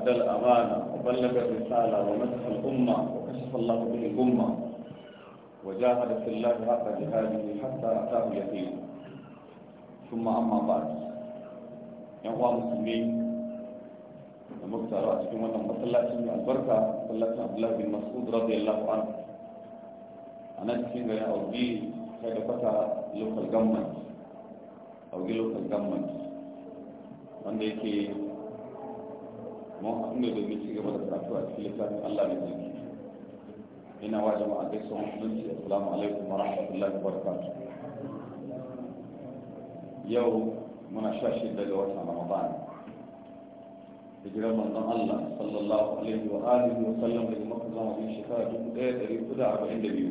وأدى الأمانة وبلغ الرسالة ونصح الأمة وكشف الله به الأمة وجاهد في الله حق جهاده حتى أتاه اليقين ثم أما بعد يا أخوة المسلمين المختار أتكلم أن مسلاتي من البركة مسلاتي عبد الله بن مسعود رضي الله عنه أنا أتكلم يا أوجي خير فتى لوكال جمنت أو لوك جمنت wanda yake mun haɗu ne domin ci gaba da karatu a cikin littafin Allah ne zai ina wa jama'a gaisuwa musulunci assalamu alaikum wa rahmatullahi wa barakatuh yau muna sha shida ga watan ramadan hijirar manzon Allah sallallahu alaihi wa alihi wa sallam daga makka zuwa bin shekara dubu ɗaya ɗari kuda arba'in da biyu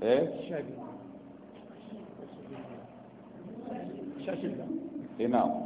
eh biyu ina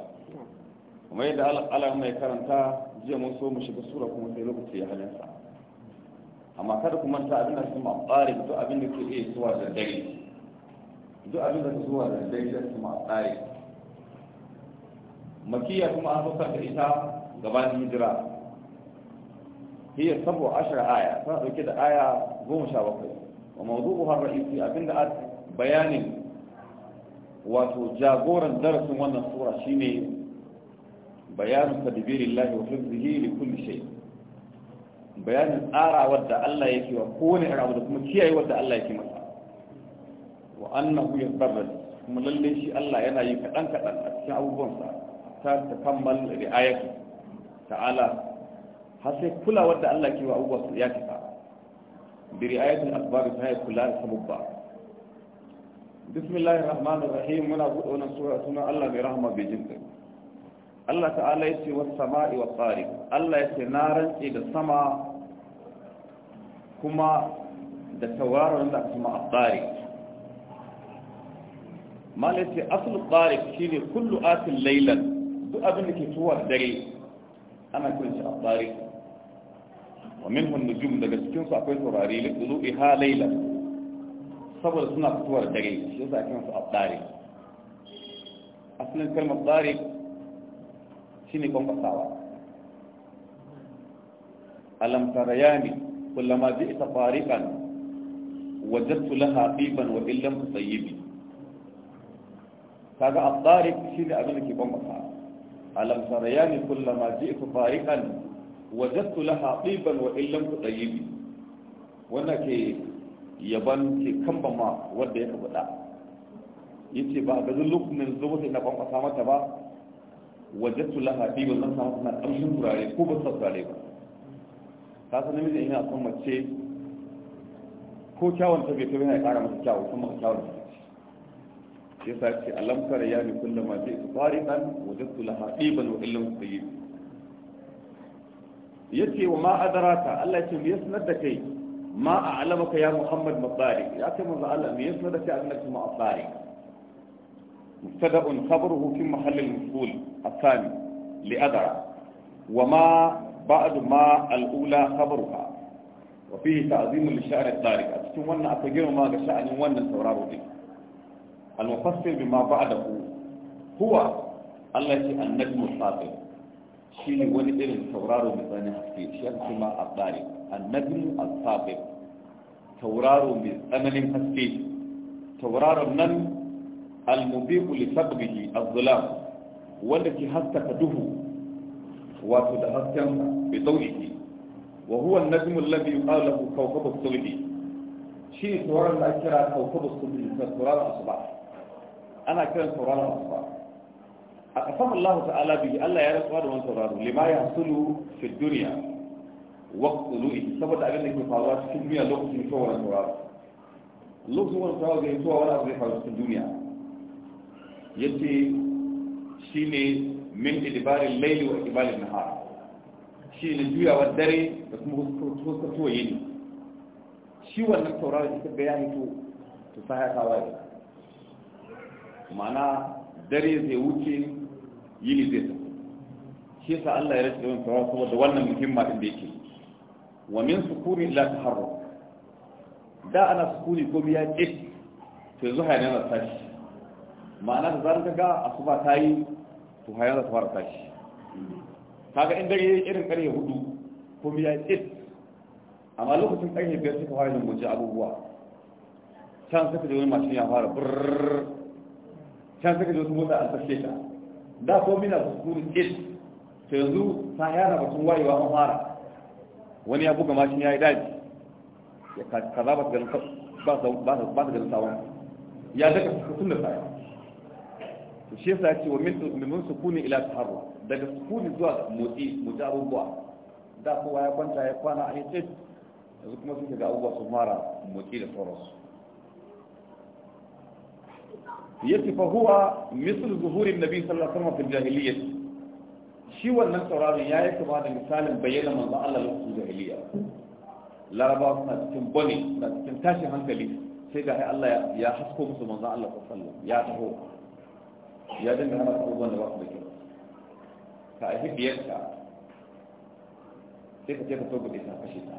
kuma yadda Allah mai karanta jiya mun so mu shiga sura kuma sai lokaci ya halinsa amma kada ku manta abin da kuma tsari duk abin da ke iya zuwa da dare duk abin da ke zuwa da dare da kuma tsari makiya kuma an fuka da ita gabanin hijira hiya sabo ashir aya suna dauke da aya goma sha bakwai wa har ra'isi abinda a bayanin wato jagoran darasin wannan sura shine bayanin tadbirin lahi wa hifzihi li kulli shay bayanin tsara wadda Allah yake wa kowane irin abu da kuma kiyaye wanda Allah yake masa wa annahu yasbarra kuma lalle shi Allah yana yi kadan kadan a cikin abubuwansa ta takammal ri'ayatu ta'ala har sai kula wanda Allah ke wa abubuwa su ya tafa bi ri'ayatul asbab ta ya kula da sababba bismillahir rahmanir rahim muna buɗe wannan sura sunan Allah mai rahama bai jinkai Allah ta'ala ya ce wasu sama'i wa tsari Allah ya ce na rantse da sama kuma da tauraron da kuma a tsari malai ce asul tsari shi ne kullu atin lailan duk abin da ke tuwa dare ana kunshi a tsari wa min nujum daga cikinsu akwai taurari liɗulu ha lailan saboda suna fitowar dare shi yasa kinsu a tsari asalin kalmar tsari shine kwankwasawa alam tarayani kullama ji'ta fariqan wajadtu laha qiban wa illam tusayyibi kaga at-tariq shine abin da ke kwankwasawa alam tarayani kullama ji'ta fariqan wajadtu laha qiban wa illam tusayyibi wannan ke yaban ke kambama wanda ya faɗa yace ba ga lokacin da zuwa na kwankwasa mata ba wajattu laha bi ba zan samu tana ƙamshin turare ko ba sa turare ba ta san namiji ina son mace ko kyawun ta bai ta yana ƙara masa kyawu kuma ka kyawun ta ce sa ce alam kare ya ni kullum ma ce tsarikan wajattu laha bi ban wa yi. Ya ce wa ma adraka Allah ya ce me sanar da kai ma a alamaka ya Muhammad mabarik ya ce kai manzo Allah ya sanar da kai annabi ma mabarik مبتدا خبره في محل الوصول الثاني لأدرى وما بعد ما الأولى خبرها وفيه تعظيم للشعر الطارق أتتم وانا أتجر ما شأن وانا سوراره به المفسر بما بعده هو التي النجم الخاطئ شيء ولي إلى سوراره مثلا حسين شيء كما الطارق النجم الخاطئ سوراره مثلا حسين سوراره من al-mubiqu li sabbihi az-zulam wanda ke haskaka duhu wato da hasken bi dawihi wa huwa an-najmu alladhi yuqalu kawkab kawkabu as-subhi shi tauraron da ake kira kawkab as-subhi tauraron asuba ana kiran tauraron asuba a kasan Allah ta'ala bi Allah ya rantsuwa da wannan tauraro lima ya hasulu fi dunya waqtu lu'i saboda abin da ke faruwa cikin duniya lokacin fitowar tauraro lokacin wannan tauraro zai fitowa wani abu zai faru cikin duniya yace shine min idbarin layli wa idbarin nahar shine juyawar dare da kuma hukuto yini shi wannan tauraro da kaga ya hito to sai ya kawai ma'ana dare zai wuce yini zai tafi shi sa Allah ya rage wannan tauraro saboda wannan muhimma din da yake wa min sukuni ila taharruk da ana sukuni ko biya ƙi to yanzu hayana na tashi ma'ana da zarar a su asuba ta yi to hayar ta fara tashi kaga in dare irin kare hudu ko biya it amma lokacin karfe biyar suka fara yin guje abubuwa can suka ji wani mashin ya fara brrrr can suka ji wasu mota a sashe ta da ko mina su kuri it to yanzu ta hayar batun wayewa an fara wani ya buga mashin ya yi daji ya kaza ba ta ganin ba ta ganin sawon ya daga sun da saya الشيخ ياتي ومن سكون الى تحرر ده السكون ذو مؤتي متعوب ده هو يا كنت يا كنا حيث زكما فيك ده ابو سمارا مؤتي الفرس يتي فهو مثل ظهور النبي صلى الله عليه وسلم في الجاهلية شي ولا تراه يا يكتب هذا المثال بين من ضاع الله في الجاهلية لا ربا ما تنبني ما تنتاشي هنكلي سيدا هي الله يا حسكم سمع الله صلى الله عليه وسلم يا تهو ya dinga hana abubuwan da ba su da kyau ka a hibiyarka sai ka ce ka so gudu ta kashe ta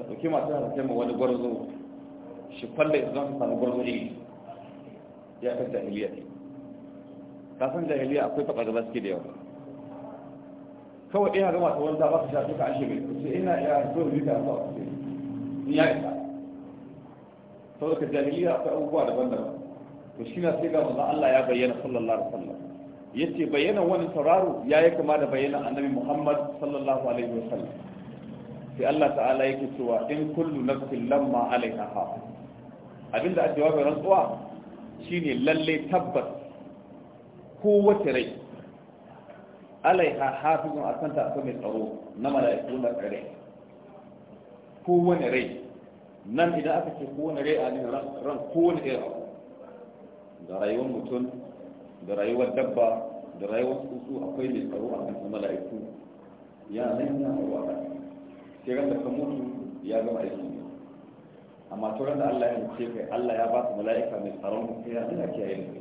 ka ɗauki masu yana kai ma wani gwarzo shi kwallo ya zama samu gwarzo ne ya kan jahiliya ne kasan jahiliya akwai faɗa gaba suke da yawa kawai ina gama ta wanda ba ka shafi ka ashe mai kusa ina ya so yi ta zuwa kusa ya isa sau da ka jahiliya akwai abubuwa daban-daban to shi na sai ga manzo Allah ya bayyana sallallahu alaihi wasallam yace bayyana wani sauraro yayi kama da bayyana annabi Muhammad sallallahu alaihi wasallam sai Allah ta'ala yake cewa in kullu nafsin lamma alaiha ha abinda a jawabin rantsuwa shine lalle tabbas kowace rai alaiha hafizun akan ta akwai mai tsaro na mala'iku na kare kowane rai nan idan aka ce kowane rai a ne ran kowane irin da rayuwar mutum da rayuwar dabba da rayuwar tsuntsu akwai mai tsaro a kan mala'iku ya nan yana tsaro a sai ran da ka mutu ya gama aiki ne amma to ran da Allah ya ce kai Allah ya ba su mala'ika mai tsaron ku sai ya Allah kiyaye ne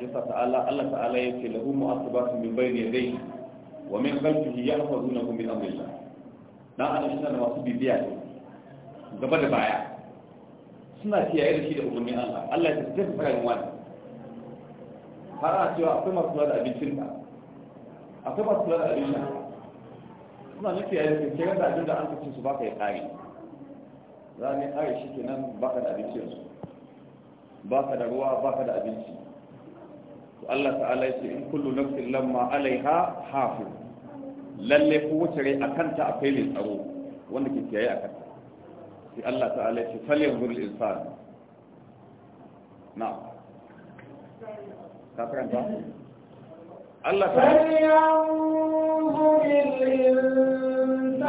shi yasa ta'ala Allah ta'ala ya ce lahu mu'assibatu min bayni yadayhi wa min khalfihi yahfazunahu min amrillah dan adam shi ne masu bibiya gaba da baya suna kiyaye da shi da umarnin Allah Allah ya zai fara yin wani har a cewa akwai masu kula da abincin ka akwai masu kula da abincin suna na kiyaye da kai da abin da an kace su baka ya kare za ne kare shi kenan baka da abincin su baka da ruwa baka da abinci to Allah ta'ala ya ce in kullu nafsin lamma alaiha hafu lalle ko wuce rai akanta akwai mai tsaro wanda ke a akanta الله تعالى في فلينظر الإنسان نعم الله تعالى فلينظر الإنسان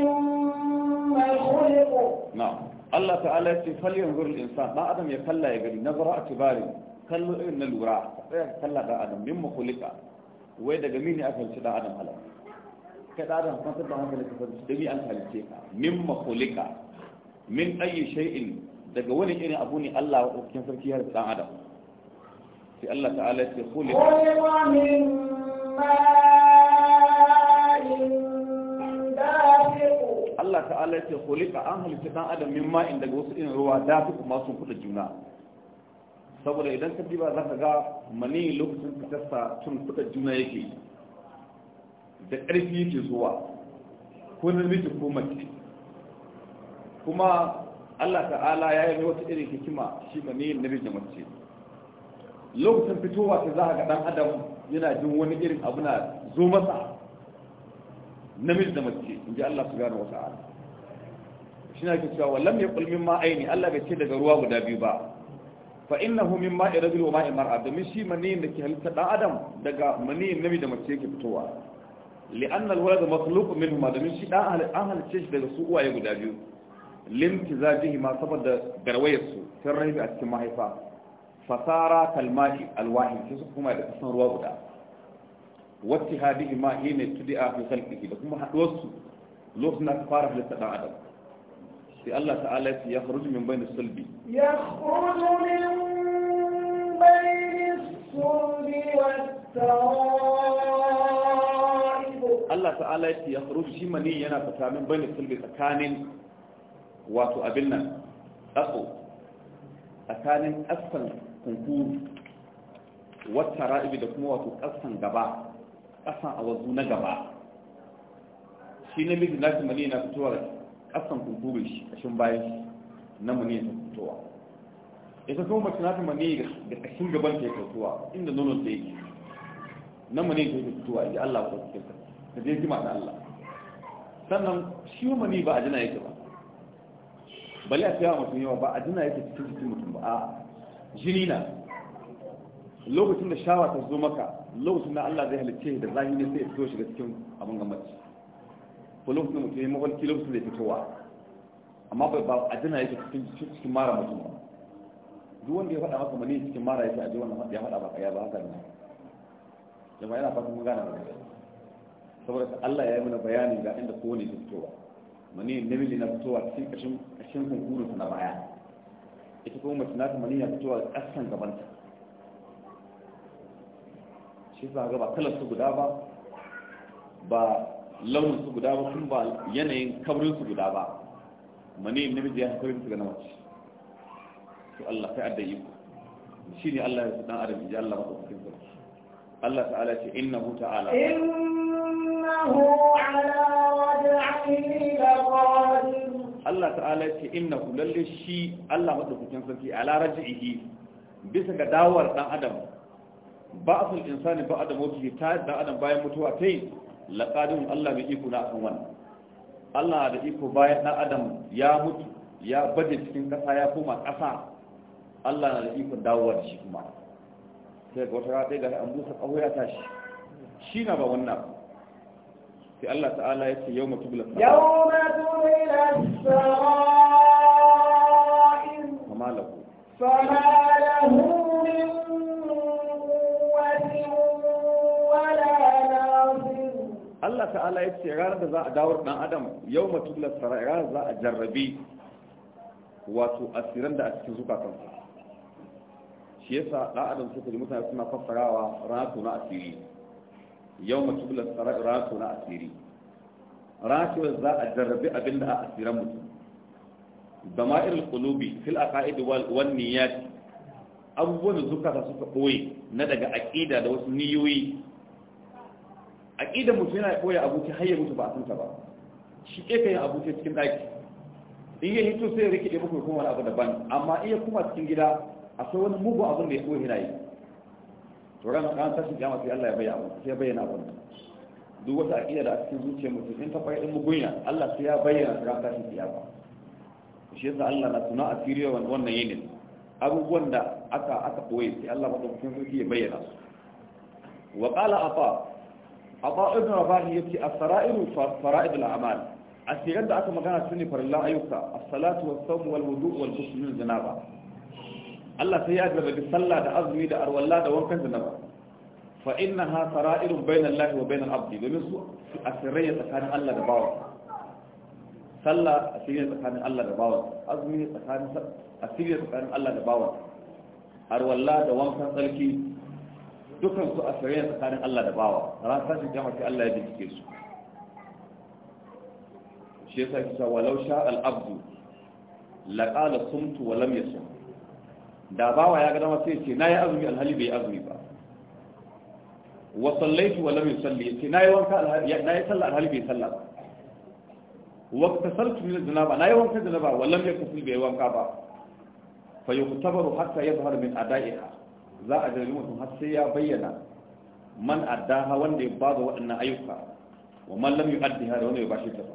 مما خلق نعم الله تعالى في فلينظر الإنسان ما أدم يكلا يقول نظرة اعتباري كلا إن الوراء كلا ده أدم مما خلق وإذا جميني أفل شدة أدم هلأ kai ɗadan kwantar da hankali ka fahimci da bi an halice ka min makulika min ayi shay'in daga wani irin abu ne Allah wa cikin sarki har da adam sai Allah ta'ala ya ce kulli wa min Allah ta'ala ya ce kulika an halice dan adam min ma'in daga wasu irin ruwa da su kuma sun kuɗa juna saboda idan ka diba za ka ga mani lokacin ka fitarsa tun kuɗa juna yake da ƙarfi yake zuwa ko namiji ko mace kuma Allah ta'ala ya yi wata irin hikima shi ne namiji da mace lokacin fitowa ta za ga dan adam yana jin wani irin abu na zo masa namiji da mace in ji Allah su subhanahu wata ala shi na cewa wallan ya kulmin ma aini Allah bai ce daga ruwa guda biyu ba fa innahu min ma'i rajul wa ma'i mar'a domin shi maniyin da ke halitta dan adam daga maniyin namiji da mace yake fitowa li'anna al-walad makhluq min ma domin shi dan an halice daga su uwaye guda biyu limtizajihi ma saboda garwayar su tun rahibi a cikin mahaifa fasara kalmati alwahid su kuma da kasan ruwa guda wacce hadihi ma hina tudi'a fi khalqihi da kuma haɗuwar su lokacin da fara halitta ɗan adam sai Allah ta'ala ya yakhruju min bayni sulbi yakhruju min bayni sulbi wat Allah ta'ala ya ce ya faru shi mani yana fita min bane sulbi tsakanin wato abin nan tsatso tsakanin ƙasan kunkuru wata ra'ibi da kuma wato ƙasan gaba ƙasan a awazu na gaba shi na miji nashi mani yana fitowa da ƙasan kunkuru shi ƙashin bayan shi na mani yana fitowa ita kuma mace nashi mani da ƙashin gaban ta ya fitowa inda nonon ta yake na mani ta fitowa ya Allah ko cikin sarki da je jima da Allah sannan shi mani ba a jina yake ba bali a tsaya mutum yawa ba a jina yake cikin jikin mutum ba a jini na lokacin da shawa ta zo maka lokacin da Allah zai halicce da ne sai ya fito shiga cikin abin gamaci ko lokacin da mutum ya mafarki lokacin da ya fitowa amma ba a jina yake cikin mara mutum ba duk wanda ya faɗa maka mani cikin mara yake a ji wannan ya faɗa ba kaya ba haka ne jama'a yana fatan mun gana da saboda Allah ya yi mana bayanin ga inda kowane ke fitowa mani namiji na fitowa cikin kashin kashin kunkurun na baya ita kuma mace nata mani ya fitowa kasan gabanta shi za ga ba kalar su guda ba ba launin su guda ba kuma ba yanayin kabrin su guda ba mani namiji ya kabrin su ga na mace to Allah kai adda iko ne Allah ya fi dan adam ya Allah ba ku cikin Allah ta'ala ce innahu ta'ala inna Allah ta'ala ce innahu lalle shi Allah madaukakin sarki ala raj'ihi bisa ga dawar ɗan adam Ba a ba'sul insani ba adam wuce ta dan adam bayan mutuwa tai laqadun Allah bai iko na akan wannan Allah da iko bayan dan adam ya mutu ya baje cikin ƙasa ya koma ƙasa. Allah na da iko dawowar shi kuma sai ga wata rata ga an busa kawo ya tashi shi na ba wannan sai Allah ta'ala ya ce yawma tubla yawma tubla sara'in fama lahu fama lahu min wala nasir Allah ta'ala ya ce ranar da za a dawo dan adam yawma tubla sara'in ranar za a jarrabi wato asiran da a cikin zukatansa shi yasa dan adam suka ji mutane suna fassarawa ranar tuna asiri yau mace bula rasu na asiri rasu za a jarrabi abin da a asiran mutum zama irin kulubi fil a ka'idu wal niyyati abubuwan da zukata suka ɓoye na daga aƙida da wasu niyoyi aƙidan mutum yana ɓoye aboki har ya mutu ba a ta ba shi ke kan aboki cikin ɗaki in ya hito sai ya rike ɗaya bakwai kuma wani abu daban amma iya kuma cikin gida akwai wani mugu abin da ya ɓoye yana yi Turan ran ran tashin kiyama sai Allah ya bayyana abu sai ya bayyana abu duk wata aqida da cikin zuciyar mutum in ta fara mu mugunya Allah sai ya bayyana ran tashin kiyama shi yasa Allah na tuna asiriya wannan yinin abubuwan da aka aka koyi sai Allah madaukakin sarki ya bayyana su wa qala afa afa ibn rabah yace as-sara'iru fara'id al-a'mal asiran da aka magana sune farillan ayyuka as-salatu was-sawm wal-wudu' wal-ghusl min janaba Allah sai ya jarrabi sallah da azumi da arwalla da wankan janaba fa innaha sara'irun bainal lahi wa bainal abdi domin su asirai tsakanin Allah da bawa sallah asirai tsakanin Allah da bawa azumi tsakanin asirai tsakanin Allah da bawa arwalla da wankan tsarki dukan su asirai tsakanin Allah da bawa Rasa shi jama'a sai Allah ya bincike su shi yasa kisa walau sha al-abdu laqala sumtu wa lam yasum da bawa ya ga dama sai ce na yi azumi alhali bai azumi ba wa sallaitu wa lam yusalli yace yi wanka alhali nayi sallah alhali bai sallah ba wa tasaltu min zanaba nayi wanka zanaba wa lam yakfil bai wanka ba fa yuktabaru hatta yadhhar min adaiha za a jirgin mutum har sai ya bayyana man addaha wanda ya bada waɗannan ayyuka wa man lam yu'addiha da wanda ya bashi ta ba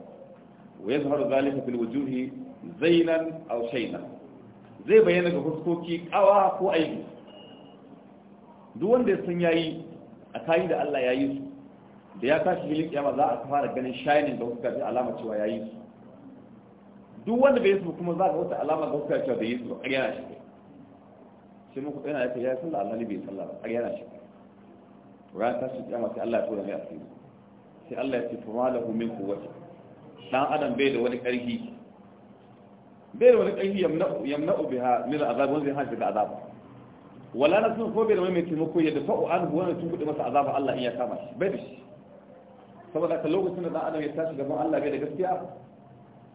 wa yazharu zalika fil wujuhi zainan aw shaynan zai bayyana ga fuskoki kawa ko aiki. duk wanda ya san yayi a kayi da Allah yayi su da ya tashi bilin kiyama za a fara ganin shining da fuska da alama cewa yayi su duk wanda bai su kuma za ga wata alama ga fuska cewa bai yi su ba ƙarya na shi sai muku tsaya ya ce ya sallah Allah ne bai sallah ba ƙarya na shi ran tashi kiyama sai Allah ya tura mai asiri sai Allah ya ce fa ma lahu min quwwati dan adam bai da wani ƙarfi bai da wani ƙarfi yamna'u biha min al'azab wanda zai hana daga azab wala na sun ko bai da wani mai taimako ya dafa'u an huwa tun kuɗi masa azaba Allah in ya kama shi bai da shi saboda ka lokacin da ɗan adam ya tashi gaban Allah bai da gaskiya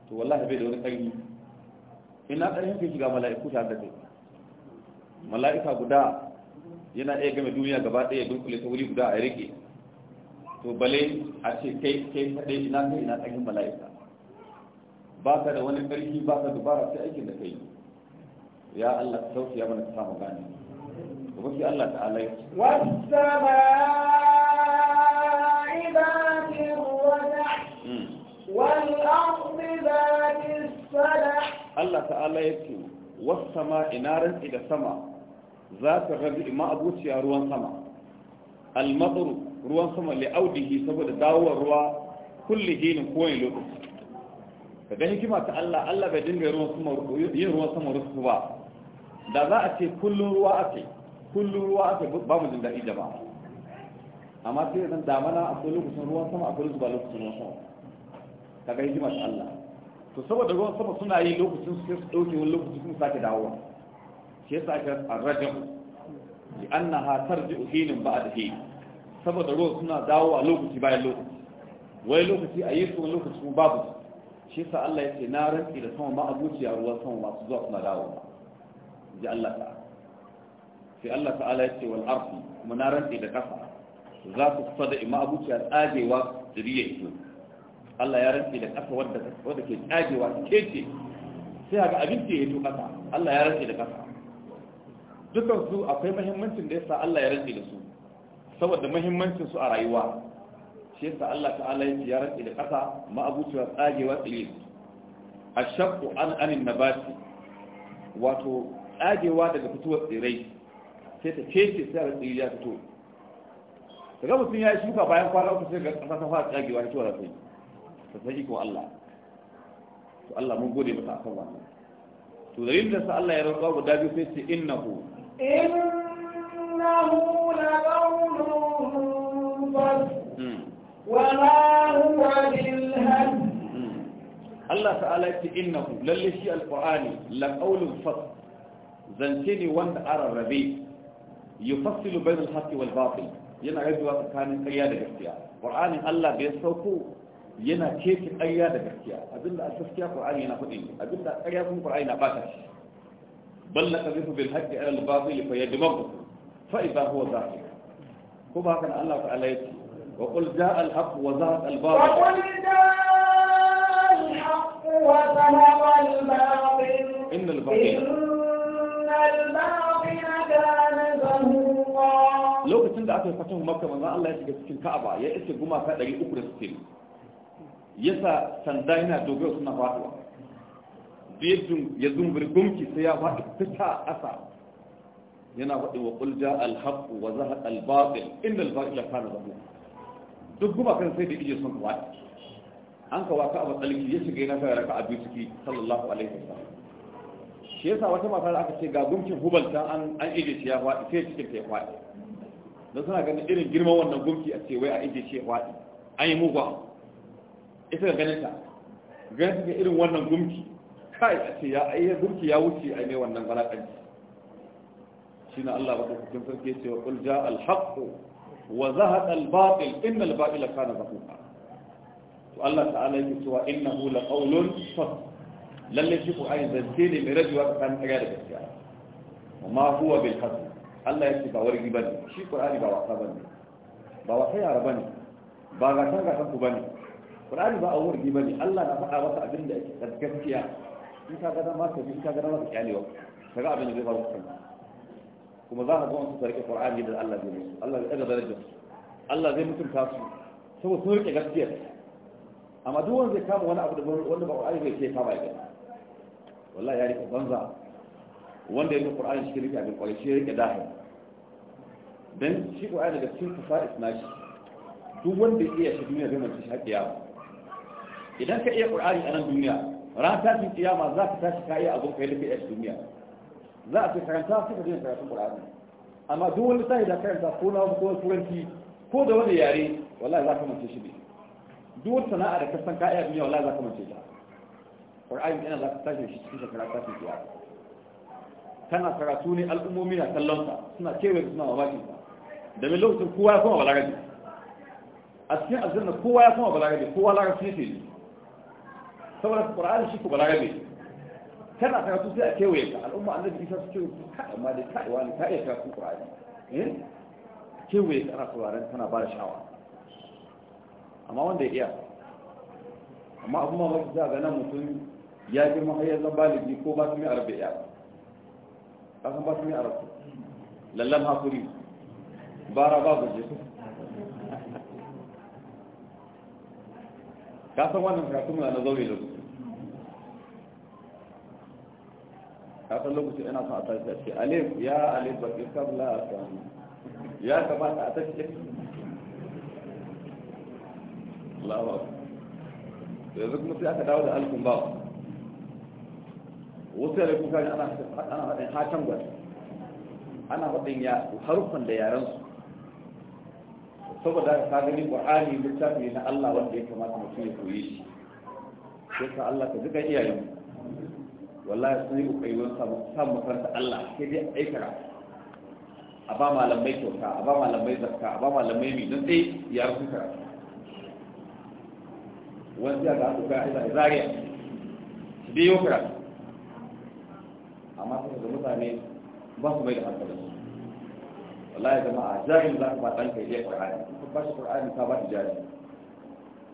to wallahi bai da wani ƙarfi ina ƙarfin ke shiga mala'iku ta da kai mala'ika guda yana iya game duniya gaba ɗaya dunkule ta wuri guda a rike to bale a ce kai kai kaɗai ina kai ina ƙarfin mala'ika ba ka da wani ƙarfi ba ka dubara sai aikin da kai ya Allah ka ya mana ka samu gane da mafi Allah ta'ala ya ce والسماء ذات الرجع والأرض ذات الصدع Allah ta'ala ya ce wasama ina rantsi da sama za ta rabi ma abuciya ruwan sama al almatsar ruwan sama li'audihi saboda dawowar ruwa kulle hinin kowane lokaci ka ga hikima ta Allah Allah bai dinga ruwan sama yin ruwan sama rusu ba da za a ce kullun ruwa ake kullun ruwa ake ba mu jin daɗi jama'a amma sai zan damana kullun lokacin ruwan sama a kullun ba lokacin ruwan sama ka ga hikima ta Allah to saboda ruwan sama suna yi lokacin su su ɗauke wani lokaci kuma sake dawowa shi yasa ake arrajin li annaha tarji'u hinin ba'da hin saboda ruwan suna dawowa lokaci bayan lokaci wai lokaci a yi su lokaci kuma babu su shi sa Allah ya ce na rantsi da sama a zuciya ruwa sama masu zuwa suna dawo ji Allah ta sai Allah ta'ala ya ce wal arfi kuma na rantsi da kasa za su da ima abuciya tsagewa zuriya ito Allah ya rantsi da kasa wadda ke tsagewa kece sai ga abin ke ya kasa Allah ya rantsi da kasa dukansu akwai muhimmancin da ya sa Allah ya rantsi da su saboda muhimmancin su a rayuwa shi yasa Allah ta'ala ya ya rantsi da ƙasa ma'abuciwa tsagewa tsire a shakku an anin basi. wato tsagewa daga fitowar tsirai sai ta kece sai a tsiri ya fito daga mutum ya yi shuka bayan kwana uku sai ga ƙasa ta fara tsagewa ta tura sai ta san ikon Allah to Allah mun gode masa akan wannan to dalilin da sa Allah ya rantsa guda biyu sai ce innahu innahu la qawlun fasl ولا هو بالهدم Allah ta'ala ya ce innahu lalle shi alqur'ani la qawlun fas zance ne wanda ararrabe yufassilu bainal haqqi wal batil yana rabuwa tsakanin ƙarya da gaskiya qur'anin Allah da ya sauko yana keke ƙarya da gaskiya abinda a gaskiya qur'ani yana faɗi ne abinda ƙarya kuma qur'ani na bata shi balla qadhifu bil haqqi ala al batil fa yadmagu fa idha huwa zahir ko ba haka Allah ta'ala ya ce وقل جاء الحق وذهب الباطل وقل جاء الحق وذهب الباطل إن الباطل كان زهوقا لو كنت عارف فتح مكة من الله يسجد في الكعبة يا إسم جمعة فدري أخرى ستين يسا سندينا دوغيو سنة فاتوة بيزم يزم برقومتي سيابا اكتسا أسا ينا وقل جاء الحق وزهد الباطل إن الباطل كان زهوقا duk guba kan sai da ije sun kawa an kawa ka abu tsalki ya shiga yana sai raka abu ciki sallallahu alaihi wasallam shi yasa wata mata da aka ce ga gumkin hubalta an an ije shi ya faɗi sai cikin ta ya faɗi don suna ganin irin girman wannan gumki a ce wai a ije shi ya faɗi an yi mugwa ita ga ganin ta ganin ta irin wannan gumki kai a ce ya ayyar gumki ya wuce a ne wannan balakanci shi na Allah ba ta cikin sarki ce wa kul ja al haqqu wa zahaqa batil inna al-batila kana zahuqa to Allah ta'ala yake cewa innahu laqawlun fasl lalle shi qur'ani zance ne mai rajuwa tsakanin ƙarya da gaskiya amma huwa bil hasb Allah yake ba wargi bane shi qur'ani ba wasa bane ba wasa yara bane ba ga tanga ga ku bane qur'ani ba a wargi bane Allah na faɗa masa abin da yake gaskiya in ka ga dama ka bi in ka ga dama ka kyale wa kaga abin da zai faru kanka kuma za ka ga wasu sarki quran da Allah zai musu Allah zai daga darajar Allah zai mutunta su saboda sun rike gaskiya amma duk wanda zai kama wani abu da wanda ba qur'ani zai ce kama ya wallahi ya rike banza wanda ya rike qur'ani shi rike abin kwarai shi rike dahi dan shi qur'ani daga cikin fasa'is nashi duk wanda ya iya shi duniya zai mace shi haƙiya idan ka iya qur'ani a nan duniya ran tashin kiyama za ka tashi ka iya abin kai da ka iya shi duniya za a ce karanta sai ka daina karatun qur'ani amma duk wani sai da karanta ko na ko turanci ko da wani yare wallahi za ka mace shi ne duk wata sana'a da kasan ka iya duniya wallahi za ka mace ta qur'ani ina za ka tashi shi cikin shekara ta fi ya kana karatu ne al'ummomi na kallon ka suna kewaye suna mamakin ka da mai lokacin kowa ya kuma balagaji a cikin aljanna kowa ya kuma balagaji kowa larabci ne saboda qur'ani shi ko balagaji كما كانت تسلع كوية الأمة الذي يساس كوية حق ما لكأي وأن كأي كانت مقرعة كوية أنا قلت لك أنا بارش عوى أما وان دي إياه أما أبو ما غفزا بنا مطلع ياجر ما هي الزبالي بني كو باسمي أربي إياه أخم باسمي أربي للم هاكوري بارا بابا جيسو كاسم وانا مكاتم لأنا ضوي لكم kafin lokacin ina son a tashi a ce alif ya alif ba ke kabla a sami ya kamata a tashi lawa yanzu kuma sai aka dawo da alifin ba wasu yare kuka ne ana haɗin hatan gwada ana haɗin ya harufan da yaren su saboda ka gani ƙwa'ani littafi na Allah wanda ya kamata mutum ya koyi shi sai ka Allah ka duka iyayen wallahi sun yi kokari wani samun makaranta Allah sai dai aikara a ba malamai kyauta a ba malamai zakka a ba malamai mai nan dai ya rasu karatu wani ya ga su ga a zariya su biyo yau karatu amma sai da mutane ba su mai da hankali wallahi a jarin za ka ba ɗan kai iya ƙwarari ka ba shi ƙwarari ka ba shi jari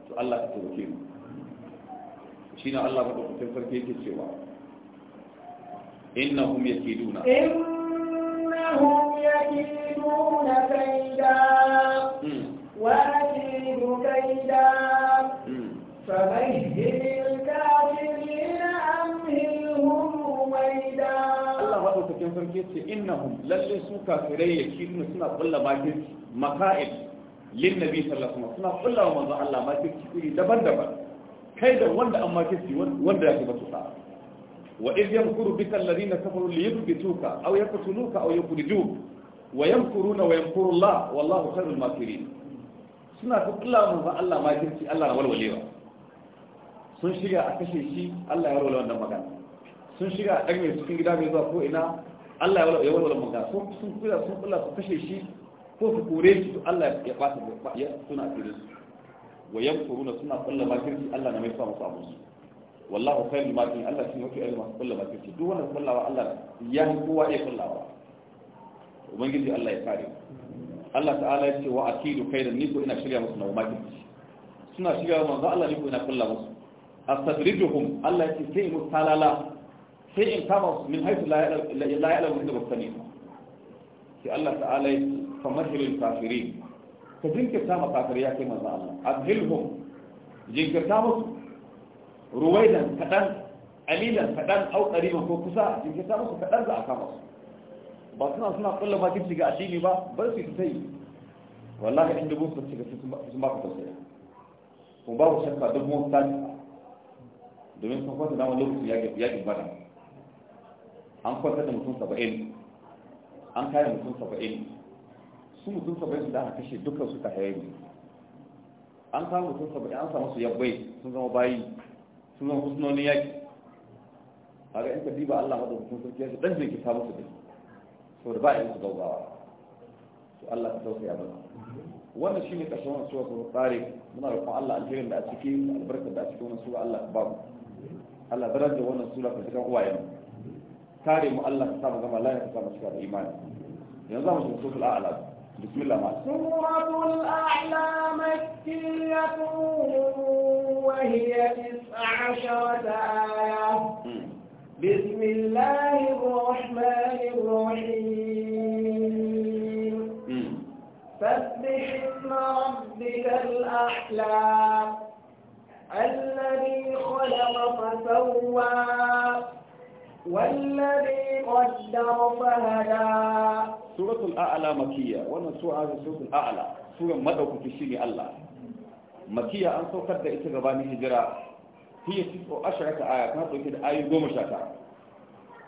to Allah ka taimake mu shi ne Allah maɗaukakin sarki yake cewa inna hum yakiduna inna hum yakiduna kayda hmm. wa akidu kayda hmm. fa mayhil kafirina amhilhum rumayda Allah wato cikin farki yace innahum lalle su kafirai yakiduna suna kullu makid makaid lin nabi sallallahu alaihi suna kullu manzo Allah makid iri daban-daban kai da wanda amma kici wanda yake batu sa'a وإذ يمكر بك الذين كفروا ليثبتوك أو يقتلوك أو يخرجوك ويمكرون ويمكر الله والله خير الماكرين suna ta kula mu fa Allah ma kirci Allah na walwalewa sun shiga a kashe shi Allah ya walwala wannan magana sun shiga a ɗan cikin gida mai zuwa ko ina Allah ya walwala magana sun sun kula sun kula su kashe shi ko su kore shi to Allah ya ɓata ya suna kire su wa yamkuruna suna kula ma Allah na mai sa musu abu wallahu khairul matin Allah shi mafi ilma kullu ma kace duk wannan kullawa Allah ya kowa ya kullawa ubangiji Allah ya kare Allah ta'ala ya ce wa akidu kaidan ni ko ina shirya musu nawa suna shirya manzo Allah ni ko ina kullawa musu astadrijuhum Allah ya ce sai mu talala sai in kama min haythu la ya'lamu inda basani sai Allah ta'ala ya famahilul kafirin ka jinkirta ma kafirai ya kai manzo Allah abhilhum jinkirta musu ruwaidan kaɗan alilan kaɗan au ƙariban ko kusa a cikin ta musu kaɗan za a kama su ba suna suna kulla bakin shiga a shini ba bar su ta yi wallahi in dubu sun shiga sun ta ku tausaya kuma babu shakka duk mun sa domin sun kwanta damar lokacin yaƙin bada an kwanta da mutum saba'in an kaya mutum saba'in su mutum saba'in su da aka kashe dukkan su ta hayari an kama mutum saba'in an samu su yabbai sun zama bayi sun zama husnonin yaki kaga in ka diba Allah wadda hukun sarki ya dan zai kita musu dai saboda ba a yi su gaugawa to Allah ka tausaya mana wannan shine karshen wannan sura ta tsare muna roƙon Allah alherin da a ciki albarkar da a ciki, wannan sura Allah ka ba Allah Allah daraja wannan sura ka cikin uwayen kare mu Allah ka samu gama lafiya ka samu cika da imani yanzu mu shiga sura al-a'la bismillah ma suratul a'la makkiyatun وهي تسع عشرة آية بسم الله الرحمن الرحيم فاسبح اسم ربك الأحلى الذي خلق فسوى والذي قدر فهدى سورة الأعلى مكية وانا سورة سورة الأعلى سورة مدعوك في الله makiya an saukar da ita gabani hijira hiya tisu ashrata aya ta dauke da ayi goma sha ta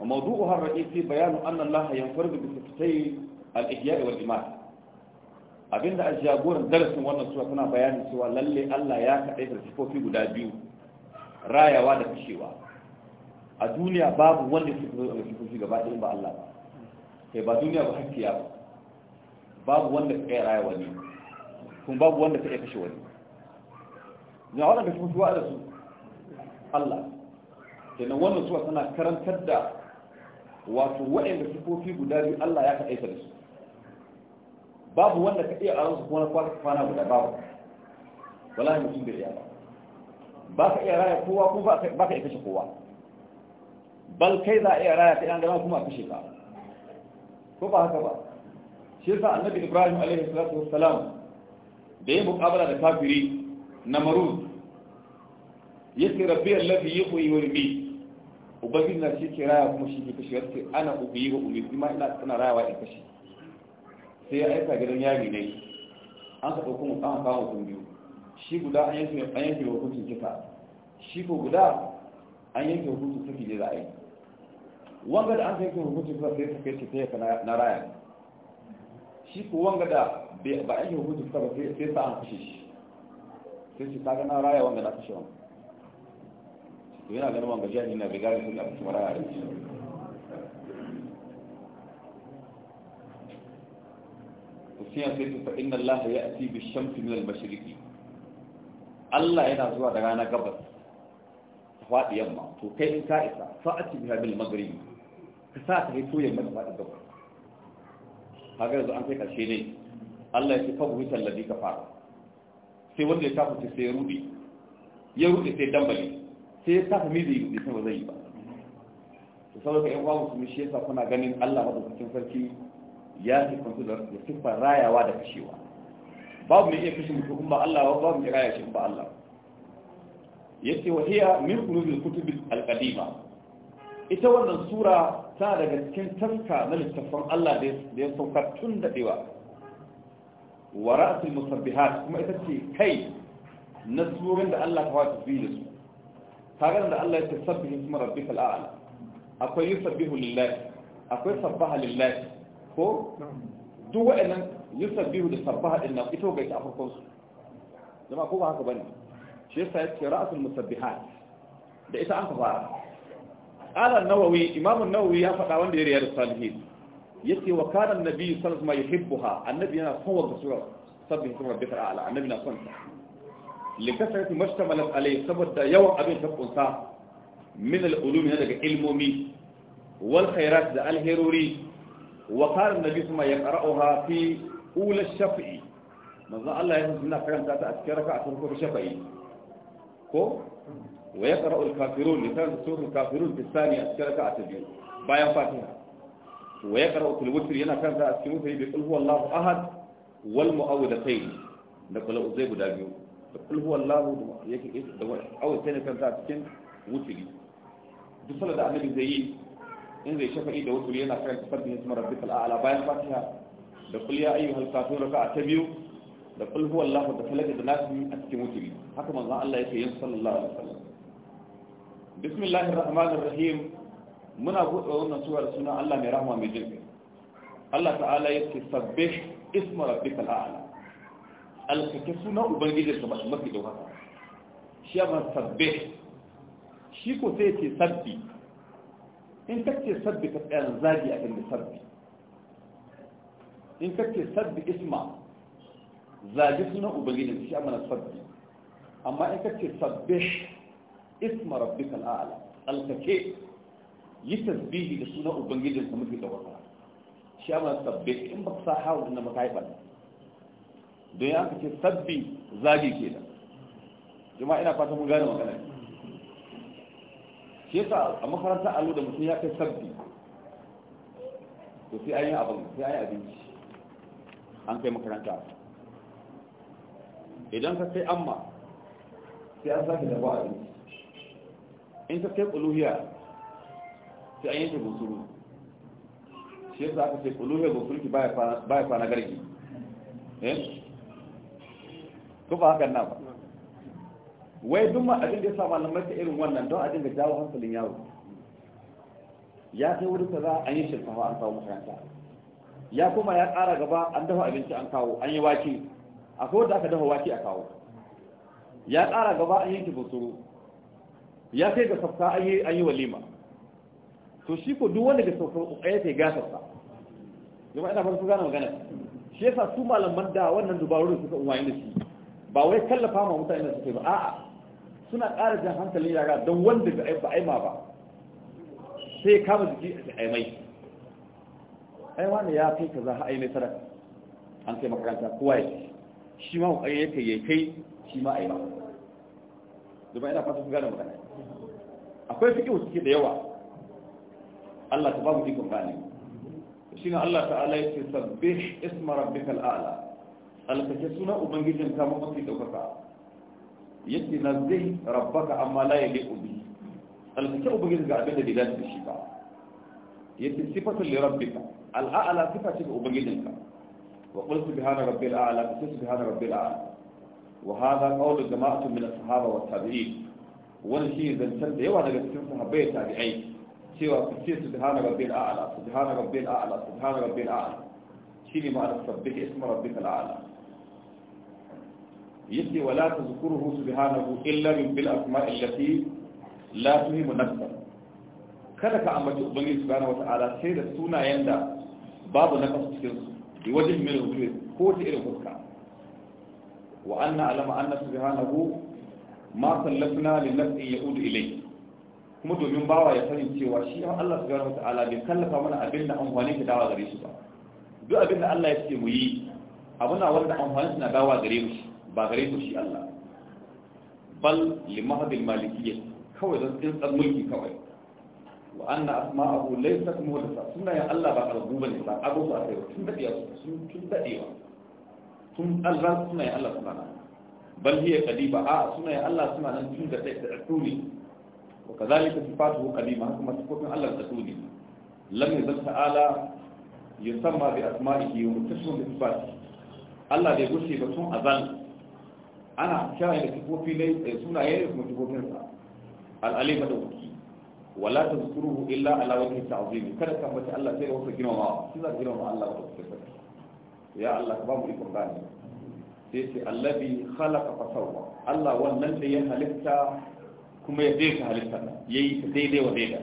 wa mawdu'uha ar-ra'isi bayanu anna Allah yanfardu bi sittay al-ihya' wal iman abinda a jagoran darasin wannan sura tana bayanin cewa lalle Allah ya kaɗai da sifofi guda biyu rayawa da kashewa a duniya babu wanda da sifofi gaba ɗaya ba Allah ba kai ba duniya ba hakkiya ba babu wanda ka iya rayawa ne kuma babu wanda ka iya kashe wani ga waɗanda cikin suwa da su Allah kenan wannan suwa tana karantar da wato waɗanda sufofi guda biyu Allah ya kaɗaita da su babu wanda ka iya aron su kuma na kwana guda babu ne mutum bai iya ba ba ka iya raya kowa kuma ba ka iya kashe kowa bal kai za a iya raya ta an gama kuma a kashe ka ko ba haka ba shi yasa annabi ibrahim alaihi salatu wassalam da ya muƙabala da kafiri namarud yake rabbi allazi yuhyi wa yumi ubangiji na shi raya kuma shi ke kashi wasu ana ubiyi wa umi kuma ina tana rayawa in kashi sai ya aika gidan yari ne an ka dauko mutum an kama mutum biyu shi guda an yanke hukuncin kisa shi ko guda an yanke hukuncin saki ne za a yi wanga da an yanke hukuncin kisa sai ta kai ce ta na raya shi ko wanga da ba a yanke hukuncin kisa ba sai sa an kashe shi sai su kaga na raya wanda na kashe wanda to yana ganin wanga jihar yana riga da sun kashe maraya da shi sai sai su fa inna Allah ya ati bi shamsi min al-mashriqi Allah yana zuwa da rana gabas ta faɗi yamma to kai in ka isa fa'ati biha bil maghribi ka sa ta hito yamma ta faɗi gabas kaga yanzu an kai karshe ne Allah ya ce fa buhitan ladhi kafara sai wanda ya tafi sai ya rude ya rude sai dambale sai ya tafi mi zai rude sai ba zai yi ba to saboda 'yan uwa musulmi shi yasa kuna ganin Allah madaukakin sarki ya sifantu da siffar rayawa da kashewa babu mai iya kashe mutum ba Allah ba babu mai raya shi ba Allah yace wa hiya min kunuzil kutub al-qadima ita wannan sura tana daga cikin tafka na littafin Allah da ya saukar tun da dawa. ورأس المصبهات كما يتكي كي نسبوغ عند الله فواتف بيلس فقال عند الله يتصبه اسم ربك الأعلى أكو يصبه لله أكو يصبه لله فو دو أن يصبه لصبه إنه إتو قيت أفر قوس لما أقول هكو بني شيء سيكي رأس المصبهات ده إتا أنت قال النووي إمام النووي يفقى وندير يا رسالهين yace wa kana annabi sallallahu alaihi wasallam yuhibbuha annabi yana son wa sura sabbi sura bi ta'ala annabi na son ta likasarati mashtamalat alai saboda yawan abin ta kunsa min al-ulum daga ilmomi wal khairat da alherori wa kana annabi kuma ya qara'uha fi ula shafi'i manzo Allah ya sunna karanta ta a cikin raka'a ko farko shafi'i ko wa ya qara'u al-kafirun li tansu al-kafirun bi thaniya a cikin raka'a ta bayan fatiha wa yaqra'u fil witr yana karanta a cikin witr bi qul huwallahu ahad wal mu'awwidatayn da qul uzay guda biyu da qul huwallahu yake da awu sai ne karanta a cikin witr duk salat da annabi zai yi in zai shafa'i da witr yana karanta fatiha ismi rabbikal a'la bayan fatiha da qul ya ayyuhal kafirun raka'a ta biyu da qul huwallahu da falaka da nasu a cikin witr haka manzon Allah yake yin sallallahu alaihi wasallam bismillahir rahmanir rahim muna buɗe wannan suwar suna Allah mai rahama mai jirgin. Allah ta'ala ya ce sabbih isma rabbikal a'la alkake sunan ubangiji ka mafi dauka shi ya ban sabbih shi ko sai ce sabbi in ka ce sabbi ka tsayar zagi a kan da sabbi in ka ce sabbi isma zagi sunan ubangiji shi mana sabbi amma in ka ce sabbih isma rabbikal a'la alkake yi tasbihi da sunan ubangijin kuma ke da wata shi amma sabbi in ba sa hawo na makaifa kai ba don ya kace sabbi zagi da kuma ina fata mun gane magana shi yasa a makarantar allo da mutum ya kai sabbi to sai an yi abin sai ayi abinci an kai makaranta idan ka kai amma sai an sake da ba abinci in ka kai ƙuluhiya sai an yanke gusuru shi yasa aka ce kuluhe gusurki ya fara garki eh ko ba hakan na ba wai duk ma abin da ya sa malamai ta irin wannan don a dinga jawo hankalin yaro ya kai ta za an yi shirfawa an kawo makaranta ya kuma ya ƙara gaba an dafa abinci an kawo an yi wake ko da aka dafa wake a kawo ya ƙara gaba an yi busuru ya kai ga safka an yi walima to shi ko duk wanda ga saukar ƙoƙaya ta gasar sa zama ina farko gane magana shi yasa su malaman da wannan dubarun suka umarni da shi ba wai kallafa ma mutane da suke ba a'a suna ƙara jan hankalin yara don wanda ba aima ba sai kama jiki a aimai ai ne ya kai ka za a aimai sadaka an kai makaranta kowa ya shi ma ƙwaye yake ya kai shi ma aima zama ina farko gana gane magana akwai fiƙi suke da yawa Allah ta babu ikon gane shine Allah ta'ala yake sabbih isma rabbikal a'la Alkace suna ubangijin ka mafi daukaka yake nazzih rabbaka amma la yaliqu bi alkake ubangijin ga abin da bai dace da shi ba yake sifatu li rabbika al'a'la sifa ce ga ubangijin ka wa qul subhana rabbil a'la fa subhana rabbil a'la wa hadha da jama'atun min as-sahaba wat tabi'in Wani shi zancen da yawa daga cikin sahabbai tabi'ai سوى تفسير سبحان ربي الأعلى سبحان ربي الأعلى سبحان ربي الأعلى شيني ما به اسم ربك الأعلى يسي ولا تذكره سبحانه إلا من بالأسماء التي لا تهم نفسه كذلك أما بني سبحانه وتعالى سيد السنة عند باب نفس الشرس لوجه من الوجود قوت إلى مركة وأن ألم أن سبحانه ما صلفنا للنفس يعود إليه kuma domin bawa ya sani cewa shi an Allah subhanahu wataala bai kallafa mana abin da amfani ka dawa gare shi ba duk abin da Allah ya ce mu yi abuna wanda amfani suna dawa gare mu shi ba gare mu shi Allah bal li mahdil malikiyya kawai don tsintsan mulki kawai wa anna asma'ahu laysat muhdasa sunayen Allah ba kalbu bane ba abu ba sai sun dade sun tun dadewa sun Allah sunayen Allah subhanahu bal hiya qadiba a sunayen Allah suna nan tun da sai da tsuni wa kazalika sifatuhu qadima haka masu kofin Allah da tuni lam yazal ta'ala yusamma bi asma'ihi wa mutashabbihu bi sifatihi Allah bai gushe ba tun azal ana kiyaye da sifofi ne eh, sunaye da kuma sifofin sa al-alim da wuki wala tazkuruhu illa ala wajhi ta'zim kada ka bace Allah sai wasa girmama shi za ka girmama Allah da ya Allah ka sai Allah wannan da ya halitta kuma ya daidaita halitta ya yi ta daidai wa daida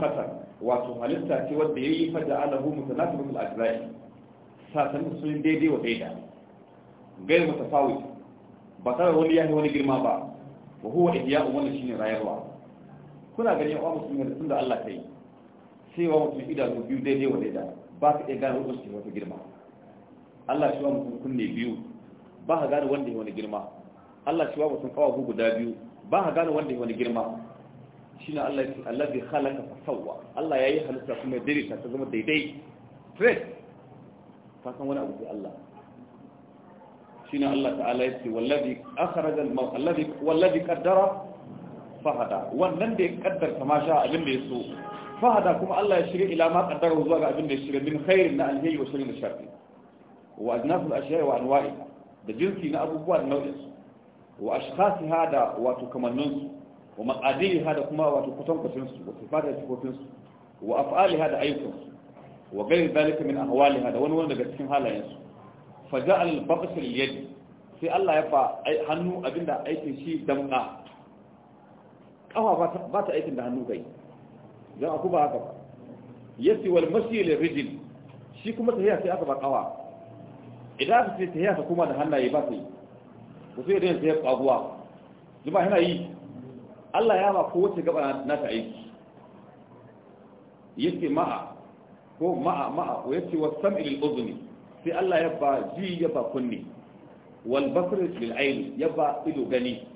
kasa wato halitta ce wadda ya yi fada alahu mutanatu bin al'adrai sasannin sun daidai wa daida gairu mutafawi ba tare wani ya yi wani girma ba ba huwa wani shi shine rayarwa kuna ganin wa musulmi da tun da Allah ta yi sai wa mutum idanu biyu daidai wa daida ba ka iya gane wani wata girma Allah shi wa mutum kunne biyu ba ka gane wanda ya wani girma Allah shi wa mutum kawagu guda biyu ba ha gane wanda wani girma shine Allah Allah bai halaka fa sawwa Allah yi halitta kuma daidaita ta zama daidai straight ka san wani abu sai Allah shine Allah ta'ala yace wallazi akhraja al-mawt allazi wallazi qaddara fahada wannan da ya kaddar ma sha abin da ya so fahada kuma Allah ya shirya ila ma kaddara zuwa ga abin da ya shirya min khairin na alheri wa shirin shafi. wa adnasul ashiya wa anwa'i da jinsi na abubuwa da nau'insu. wa ashkhasi hada wato kamanninsu wa maqadiri hada kuma wato kwatankwacinsu wa sifata sifofinsu wa af'ali hada ayyukansu wa gairi zalika min ahwali hada wani wani daga cikin halayensu fa ja'al al al-yadi sai Allah ya fa hannu abinda aikin shi damka kafa ba ta aikin da hannu kai dan aku ba haka ba yasi wal mashi lil rijl shi kuma tahiya sai aka ba kawa idan aka ce tahiya kuma da hannaye ba sai ba sai da yanzu zai kwaguwa jima yana yi Allah ya ba kowace gaba na ta aiki Ya ce ma'a ko ma'a ma'a ko ce wa sam'i lil udhni sai Allah ya ba ji ya ba kunni wal basr lil ayn ya ba ido gani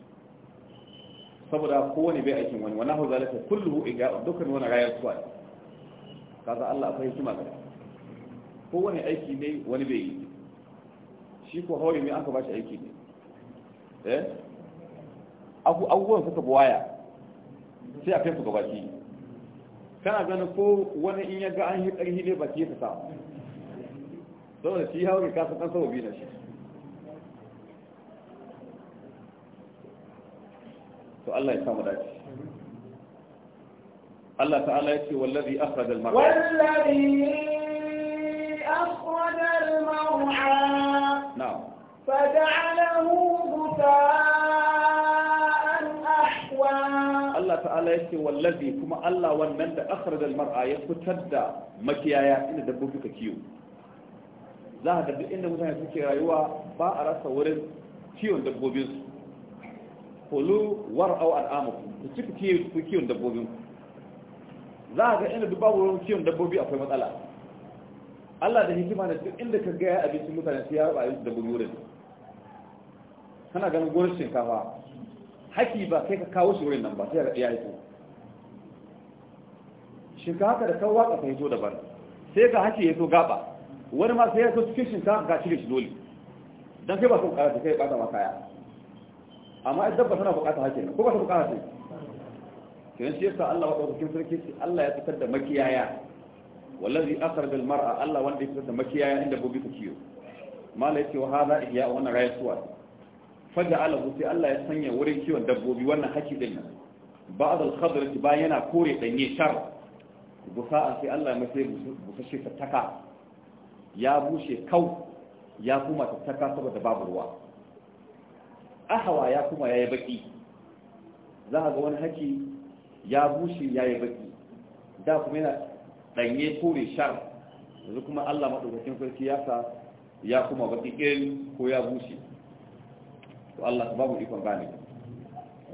saboda kowane bai aikin wani wani hau zalika kulluhu iga dukkan wani rayar suwa kaza Allah akwai hikima ga kowane aiki ne wani bai yi shi ko hawaye mai aka ba shi aiki ne eh abubuwan suka fi waya sai a kai su gabaki kana ganin ko wani in ya ga an yi ƙarfi ne baki ya fita saboda shi hauri kasu ɗan sababi na shi to Allah ya samu dace Allah ta'ala ya ce wallazi akhrajal mar'a wallazi akhrajal mar'a ta'ala yake wallazi kuma Allah wannan da akhraj al-mar'a ya fitar da makiyaya inda dabbobi ka kiyo za ka duk inda mutane suke rayuwa ba a rasa wurin kiyon dabbobin su kulu war'au al'amu, ku cika ku kiyon dabbobin ku za ka inda duk babu wurin kiwon dabbobi akwai matsala Allah da hikima ne duk inda ka ga abincin mutane sai ya ruba abincin dabbobi wurin kana ganin gurin shinkafa haki ba kai ka kawo shi wurin nan ba sai ya hito shinkafa da kawo waka sai zo daban sai ka haki ya zo gaba wani ma sai ya zo cikin shinkafa ka cire shi dole don sai ba sun kara kai bata ma kaya amma idan dabba tana bukata hakin ko ba ta bukata sai kiran shi yasa Allah wa cikin sarki Allah ya fitar da makiyaya wallazi akhraj al mar'a Allah wanda ya fitar da makiyaya inda gobe ta kiyo mala yace wa hada ihya wa wannan rayuwa faja alahu sai Allah ya sanya wurin kiwon dabbobi wannan haki din ba'd al-khadr ba yana kore danye shar a sai Allah ya sai busashe taka ya bushe kau ya kuma ta taka saboda babu ruwa ahawa ya kuma yayi baki za ga wani haki ya bushe yayi baki da kuma yana danye kore shar yanzu kuma Allah madaukakin sarki ya sa ya kuma baki irin ko ya bushe to Allah ba ikon gane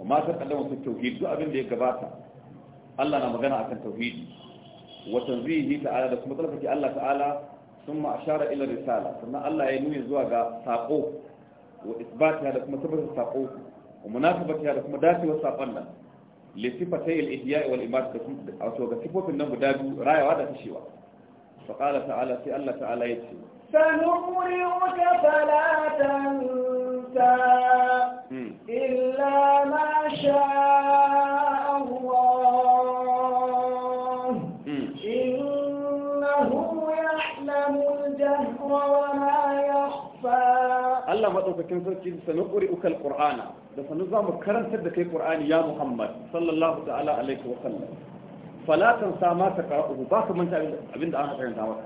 wa ma tauhid duk abin da ya gabata Allah na magana akan tauhidi wa tanzihi ta'ala da kuma tsarkake Allah ta'ala thumma ashara ila risala sannan Allah ya zuwa ga sako wa da kuma sako wa da kuma dacewar sakon nan li al-ihya wal imat da kuma wato ga sifofin nan guda biyu rayawa da kashewa fa qala ta'ala sai Allah ta'ala yace sanuri'uka fala حتى إلا ما شاء الله إنه يعلم الجهر وما يخفى الله ما تفكر سنقرئك سنقرئك القرآن sanu za mu karantar da kai Qur'ani ya Muhammad sallallahu ta'ala alaihi wa sallam fala tansa ma taqra'uhu ba ka manta abinda an maka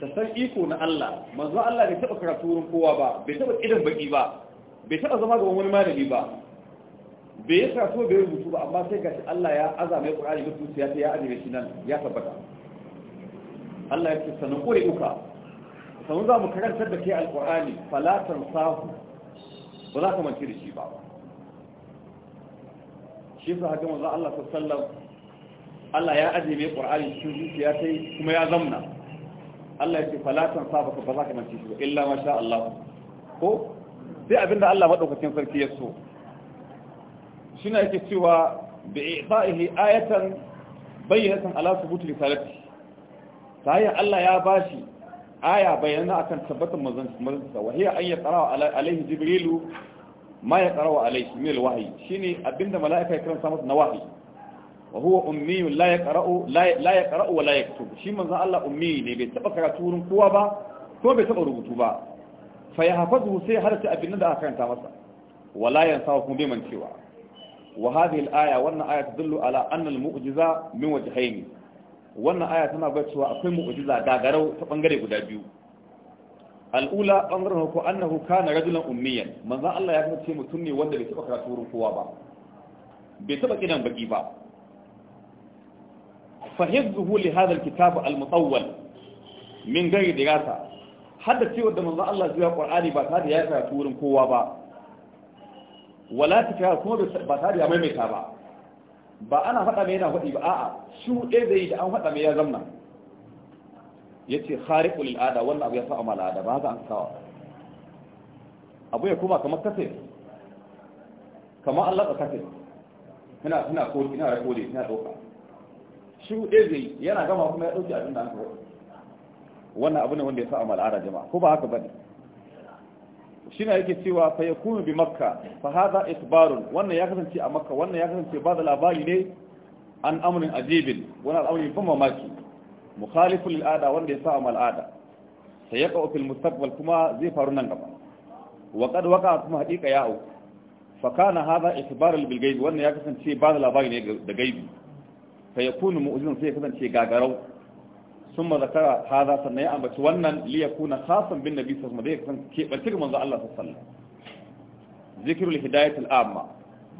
ta san iko na Allah manzo Allah bai taba karatu wurin kowa ba bai taba idan baki ba bai taba zama ga wani malami ba bai yi karatu bai rubutu ba amma sai gashi Allah ya azame Qur'ani da tusiya ta ya ajiye shi nan ya tabbata Allah ya ce sanan kore uka sanan za mu karantar da kai alqur'ani fala tansahu ba za ka mance da shi ba shi sa haka manzo Allah sallallahu Allah ya ajiye mai Qur'ani cikin zuciya sai kuma ya zamna Allah ya ce falatan saba ka ba za ka mance shi ba illa ma sha Allah ko sai abinda Allah madaukakin sarki ya so shi na yake cewa bi ifa'ihi ayatan bayyanatan ala subuti risalati ta hanyar Allah ya bashi aya bayyana akan tabbatar manzansa wa hiya an yaqra alaihi jibrilu ma yaqra alaihi min alwahyi shine abinda malaika ya karanta masa na wahyi wa huwa ummiyun la yaqra'u la yaqra'u wa la yaktubu shi manzo Allah ummi ne bai taba karatu wurin kowa ba ko bai taba rubutu ba fa yahfazuhu sai harta abin da aka karanta masa wala yansahu kuma bai mancewa wa hadhihi al-aya wannan aya ta tadullu ala anna al-mu'jiza min wajhayn wannan aya tana cewa akwai mu'jiza dagarau ta bangare guda biyu al'ula bangaren hukun annahu kana rajulan ummiyan manzo Allah ya kace mutum ne wanda bai taba karatu wurin kowa ba bai taba kidan baki ba fahizzuhu li hadha alkitab almutawwal min gari dirasa hadda cewa da manzo Allah zuwa Qur'ani ba tare ya karatu wurin kowa ba wala tikra kuma ba tare ya maimaita ba ba ana faɗa mai yana faɗi ba a'a shi ɗaya zai da an faɗa mai ya zamna yace khariqul al'ada wannan abu ya sa amma al'ada ba haka an kawo abu ya kuma kamar kafe kamar Allah ka kafe ina ina ko ina rakode ina doka Shuɗe ɗaya zai yana gama kuma ya ɗauki abin da aka wani wannan abu ne wanda ya sa al'ada jama'a ko ba haka bane shi ne yake cewa fa ya kuma bi makka fa haza isbarun wannan ya kasance a makka wannan ya kasance ba da labari ne an amurin ajibin wani al'amuri ban mamaki mukhalifin al'ada wanda ya sa al'ada sai ya kawo fil mustaqbal kuma zai faru nan gaba wa kad waqa kuma haƙiƙa ya au fa kana haza isbarul bil gaibi wannan ya kasance ba da labari ne da gaibi fa yakunu mu'jizan sai kasance gagarau summa zakara hadha sannan ya ambaci wannan li yakuna khasan bin nabi sallallahu alaihi wasallam ke bace manzo Allah sallallahu alaihi wasallam zikrul al amma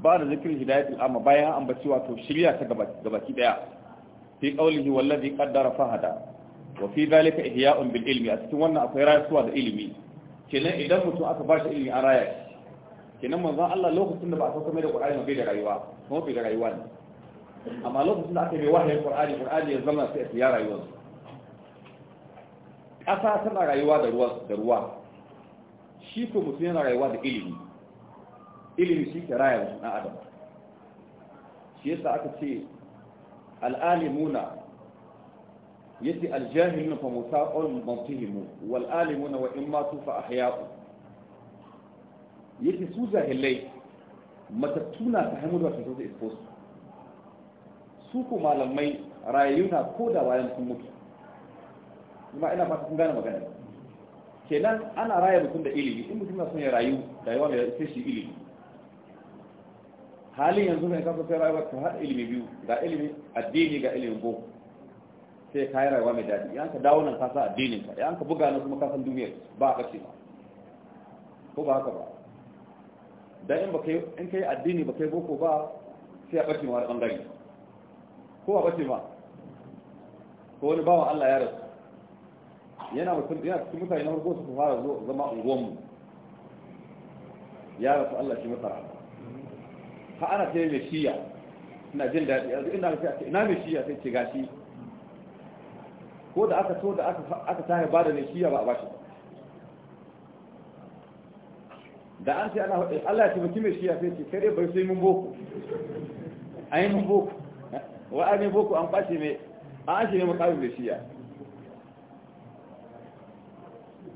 ba da zikrul al amma bayan ambaci wato shirya ta gabaki daya fi qawlihi wallazi qaddara fahada wa fi dhalika ihya'un bil ilmi a cikin wannan akwai rayuwa da ilimi kenan idan mutum aka ba shi ilimi a raya kenan manzo Allah lokacin da ba a sauka mai da Qur'ani bai da rayuwa kuma bai da rayuwa ne amma lokacin da aka yi wahayin qur'ani qur'ani ya zama sai ya rayuwar su ƙasa tana rayuwa da ruwa shi ko mutum yana rayuwa da ilimi ilimi shi ke raya mutum na adam shi yasa aka ce al'alimuna yace aljahiluna fa mutaqul mawtihim wal alimuna wa in tu fa ahya'u yace su jahilai matattuna ta hamu da su iskosu su ku malamai na ko da bayan sun mutu kuma ina fata sun gane magana kenan ana raya mutum da ilimi in mutum na son ya rayu da yawan mai sai shi ilimi halin yanzu mai kafa sai rayuwa ta haɗa ilimi biyu ga ilimi addini ga ilimi go sai ka yi rayuwa mai daɗi yan ka dawo nan ka sa addinin ka yan ka buga nan kuma ka san duniyar ba a kashe ba ko ba haka ba dan in ba kai in kai addini ba kai boko ba sai a ƙarshe ma wani ɓangare ko ba bace ba ko wani bawa Allah ya rasu yana mutum yana cikin mutane na farko su fara zama unguwan mu ya rasu Allah shi masa rahama ha ana ta yi mai shiya ina jin daɗi yanzu ina ga ina mai shiya sai ce gashi ko da aka so da aka aka tahe ba da mai shiya ba a bashi da an ce ana Allah ya ce mutum mai shiya sai ce kare bai sai mun boko ai mun boko wa arme boko an kwace me an ashe ne makamin da shiya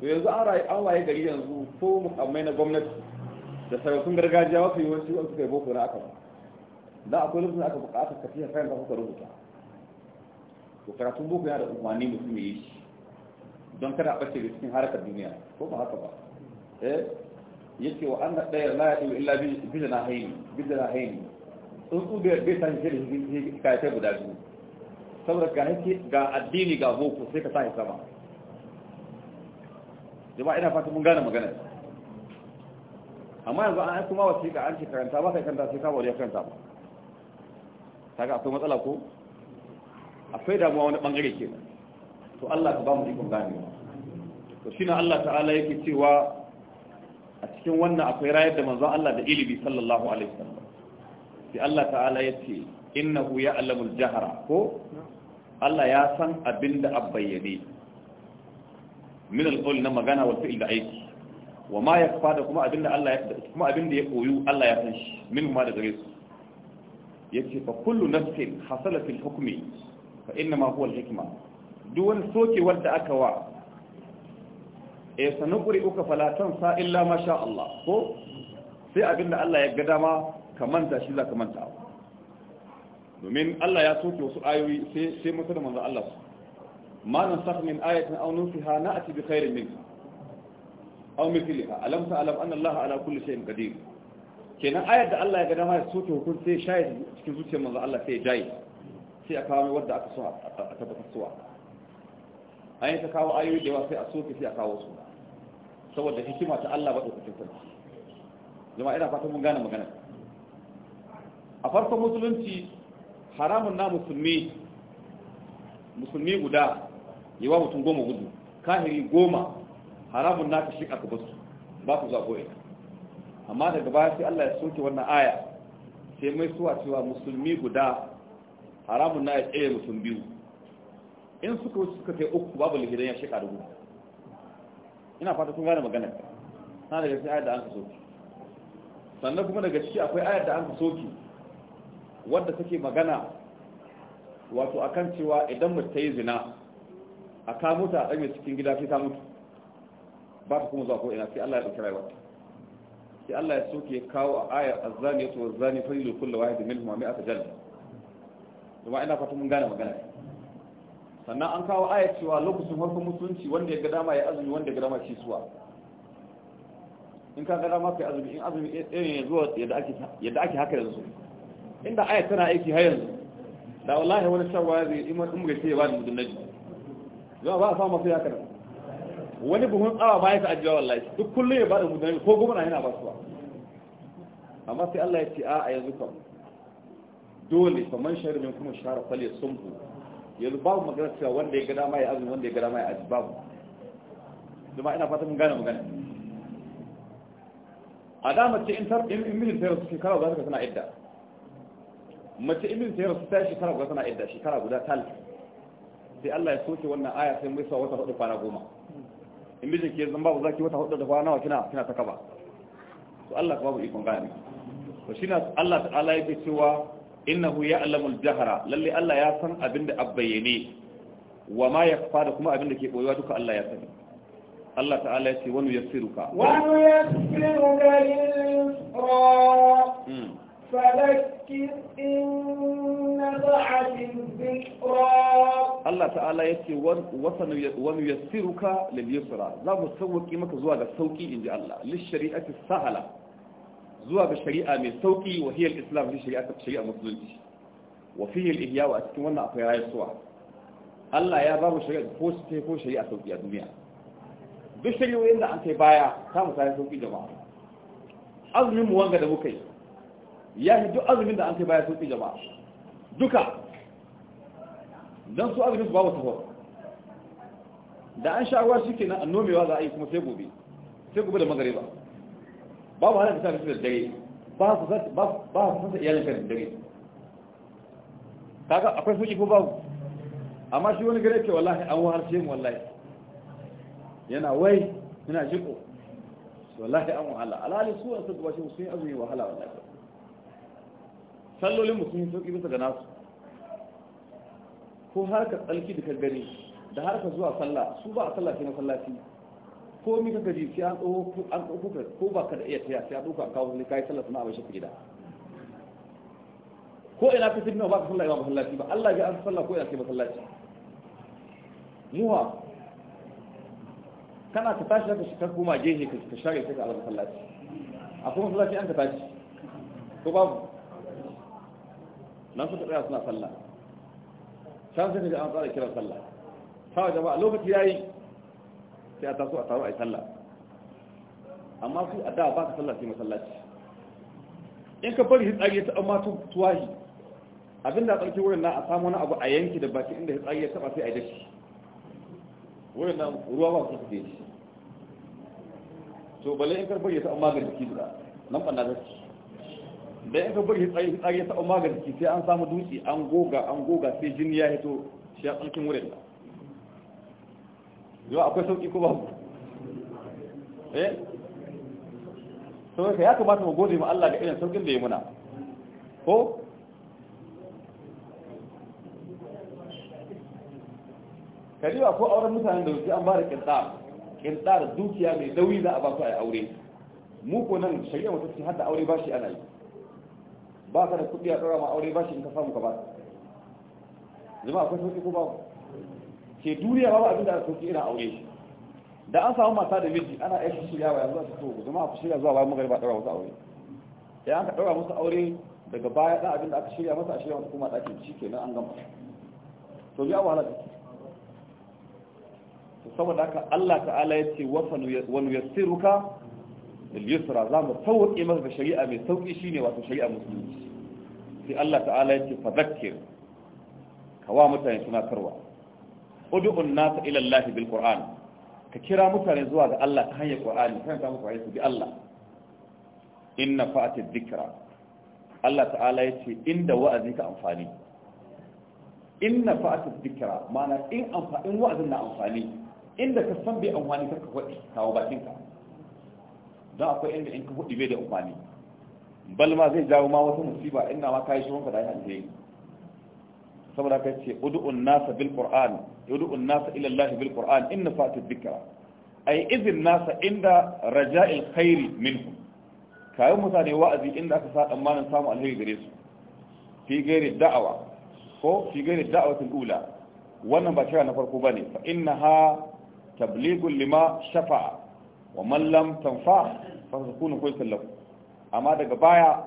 to yanzu an rayu an waye gari yanzu ko mukammai na gwamnati da sarakun gargajiya wasu yawanci wasu kai boko na aka ba da akwai lokacin da aka bukata ka fiye kayan kuka rubuta to karatun boko yana da umarni mutum ya yi shi don kada a bace da cikin harkar duniya ko ba haka ba eh yake wa an ɗaya la ya ɗaya illa bijina haini bijina haini tsuntsu bai san shi da shi kayatai guda biyu saboda ga ga addini ga boko sai ka sa shi sama jama'a ina fata mun gane magana amma yanzu an kuma wasiƙa an ce karanta ba kai karanta sai wari ya karanta ba ga akwai matsala ko akwai damuwa wani bangare ke to Allah ka ba mu ikon ganewa to na Allah ta'ala yake cewa a cikin wannan akwai rayar da manzon Allah da ilimi sallallahu alaihi wasallam sai Allah ta'ala ya ce innahu ya'lamul jahra ko Allah ya san abinda bayyane min alqawl na magana wal fi'l aiki wa ma yakfa da kuma abinda Allah ya koyu Allah ya san shi min ma da gare su ya ce fa kullu nafsin hasala fil hukmi fa inna ma huwa al duk wani soke wanda aka wa e sanukuri uka falatan sa illa masha Allah ko sai abinda Allah ya ga dama ka manta shi za ka manta domin Allah ya soke wasu ayoyi sai sai masa da manzo Allah su ma nan sakh min ayatin aw nusiha na'ti bi khairin min aw mithliha alam ta'lam anna Allah ala kulli shay'in qadir kenan ayar da Allah ya ga dama ya soke hukun sai shayi cikin zuciyar manzo Allah sai jayi sai a kawo wanda aka so a tabbatar suwa an yi ta kawo ayoyi da yawa sai a soke sai a kawo su saboda hikima ta Allah ba ta ɗaukacin sarki zama ina fatan mun gane magana a farkon musulunci haramun na musulmi musulmi guda wa mutum goma gudu kahiri goma haramun na ta shika ka basu ba ku zaɓo ya amma daga baya sai Allah ya soke wannan aya sai mai suwa cewa musulmi guda haramun na ya tsaye mutum biyu in suka wuce suka kai uku babu lihidan ya shekaru da gudu ina fata kun gane magana na daga sai ayar da an ka soke sannan kuma daga ciki akwai ayar da an ka soke wadda take magana wato akan cewa idan mutu ta yi zina a ka ta a ɗanye cikin gida sai ta mutu ba ta kuma zuwa ko ina sai Allah ya ɗauki rayuwarta sai Allah ya soke kawo a ayar azzani yato azzani falilu kullu wahid minhum ma mi'ata jalda kuma ina fata mun gane magana sannan an kawo ayar cewa lokacin farkon mutunci wanda ya ga dama ya azumi wanda ya ga dama shi suwa in ka ga dama kai azumi in azumi ɗaya ne zuwa yadda ake haka yanzu inda aya tana aiki har yanzu da wallahi wani shawara zai yi mun ga ya ba da mudun nabi zuwa ba a samu sai haka wani buhun tsawa ba ya ta ajiyar wallahi duk kullum ya ba da mudun nabi ko na yana ba su ba amma sai Allah ya ce a yanzu kam dole fa man shari min kuma Shara fal yasumhu yanzu babu magana cewa wanda ya gada dama ya azumi wanda ya gada dama ya babu zuma ina fata mun gane magana a dama ce in tar in mijin tayar suke kawo za ka suna idda mace ibn sai rasu ta shekara guda tana idda shekara guda tal sai Allah ya soke wannan aya sai mai sa wata hudu kwana goma in mijin ke zan babu zaki wata hudu da kwana nawa kina kina ta kaba to Allah ka babu ikon gani to shi na Allah ta'ala yake cewa innahu ya'lamu al-jahra lalle Allah ya san abin da abbayene wa ma yakfa da kuma abin da ke boyewa duka Allah ya sani Allah ta'ala ya ce wani yassiruka wani yassiruka lil yusra hmm. Allah ta'ala ya ce wani ya yassiruka liliyusra za mu sauwaƙi maka zuwa ga sauƙi in ji Allah lishari'ati sahala zuwa ga shari'a mai sauƙi wahiyar islam li shari'a musulunci wa fihil ihyawa a cikin wannan akwai rayuwa Allah ya ba mu shari'a ko ta ko shari'a sauƙi a duniya duk shari'o'in da an kai baya ta mu sai sauƙi jama'a azumin mu wanga da muka yi ya yi duk azumin da an kai baya sauki jama'a duka don su azumin su babu sahur da an sha shi ke nan annomewa za a yi kuma sai gobe sai gobe da ba babu hana fita da dare ba su sasa iyalin kan dare ga akwai sauki ko babu amma shi wani gare ke wallahi an wahalce mu wallahi yana wai yana jiko wallahi an wahala alhali su wasu da sun yi azumi wahala wallahi sallolin mu sun sauki bisa ga nasu ko har ka tsalki da ka gani da har ka zuwa sallah su ba a sallah sai masallaci ko mi ka gaji sai an ɗauko ko ba ka da iya taya sai an ɗauko a kawo ne kayi sallah sana'a bai shi gida ko ina ka sirna ba ka sallah ba masallaci ba Allah ya an sallah ko ina sai masallaci muwa kana ka tashi zaka shi ka koma gehe ka share sai ka Allah masallaci akwai masallaci an ka tashi ko babu nan suka tsaya suna sallah can sai ga an tsara kiran sallah sawa jama'a lokaci yayi sai a taso a taro a yi sallah amma su a da ba ka sallah sai masallaci in ka bari hitsari ya taɓa matan tuwahi abin da tsarki wurin na a samu wani abu a yanki da baki inda hitsari ya taɓa sai a yi dashi wurin na ruwa ba su kuɗe shi to balle in karɓar ya taɓa magani jiki da nan ɓanna dashi da ya ka bari tsaye tsari ya taɓa magani sai an samu dutse an goga an goga sai jini ya hito shi ya tsarkin wurin da yau akwai sauƙi ko babu eh ka ya kamata mu gode ma Allah ga irin sauƙin da ya muna ko kariwa ko auren mutanen da wuce an ba da kintar kintar dukiya mai dauri za a ba su a aure mu ko nan shari'a mutum har da aure ba shi ana yi ba ka da kuɗi a ɗora ma aure ba shi in ka samu ka ba zama akwai sauki ko ba ke duniya ba abin da sauki ina aure da an samu mata da miji ana aiki shirya yawa yanzu a fito zama a shirya zuwa bayan magana ba ɗora musu aure Ya an ka ɗora musu aure daga baya ɗan abin da aka shirya masa a shirya masa kuma ɗakin shi nan an gama to biya wahala da saboda haka Allah ta'ala ya ce wani yasiruka yusra za mu sauƙi masa shari'a mai sauƙi shine wato shari'a musulunci sai Allah ta'ala yake fadhakkir kawa mutane suna karwa ud'un nasa ila Allah ka kira mutane zuwa ga Allah ta hanyar Qur'ani kan ta muku ayi bi Allah inna fa'ati dhikra Allah ta'ala yace inda wa'azi ka amfani inna fa'ati dhikra ma'ana in na amfani inda ka san bai amfani ka kawo bakinka don akwai inda in ka hudu bai da amfani bal ma zai jawo ma wata musiba inna ma kai shirin fada ya alheri saboda kai ce Udu'un nasa bil qur'an Udu'un nasa ila allah bil qur'an inna fatu dhikra ay izin nasa inda raja'il khairi minhum kayan mutane wa'azi inda aka sa tsammanin samu alheri gare su fi gairi da'awa ko fi gairi da'awatul ula wannan ba kira na farko bane fa innaha tablighul lima shafa'a wa mallam tanfa fa sakunu kai sallahu amma daga baya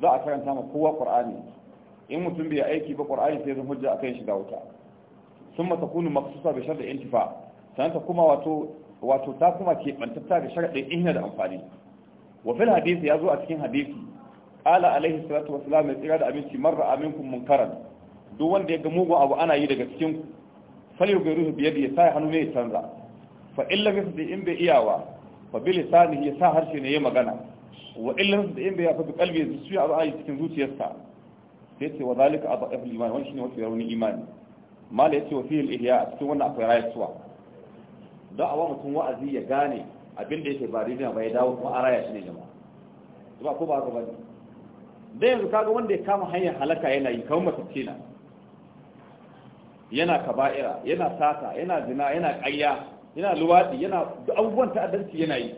za a karanta ma kowa qur'ani in mutum bai aiki ba qur'ani sai zan hujja akan shi da wuta summa takunu maqsusa bi shartu intifa sanata kuma wato wato ta kuma ke bantatta da sharadin inna da amfani wa fil hadisi yazo a cikin hadisi qala alaihi salatu wassalam ya tsira da abinci marra aminkum munkaran duk wanda ya ga mugun abu ana yi daga cikin ku fal yughrihu bi yadihi sai hannu ne ya canza fa illa yafdi in bai iyawa fa bi lisanihi ya sa harshe ne ya magana wa illa da in ya fa kalbi ya su a ba cikin zuciyarsa sai ce wa zalika adaf al-iman wannan shine wato yaron imani mala yace wa fihi ihya a cikin wannan akwai suwa da awa mutum wa'azi ya gane abin da yake ba da bai ya dawo kuma araya shi ne jama'a ba ko ba ka bane da yanzu kaga wanda ya kama hanyar halaka yana yi kawai matacce na yana kaba'ira yana sata yana zina yana ƙayya yana luwaɗi yana abubuwan ta'addanci yana yi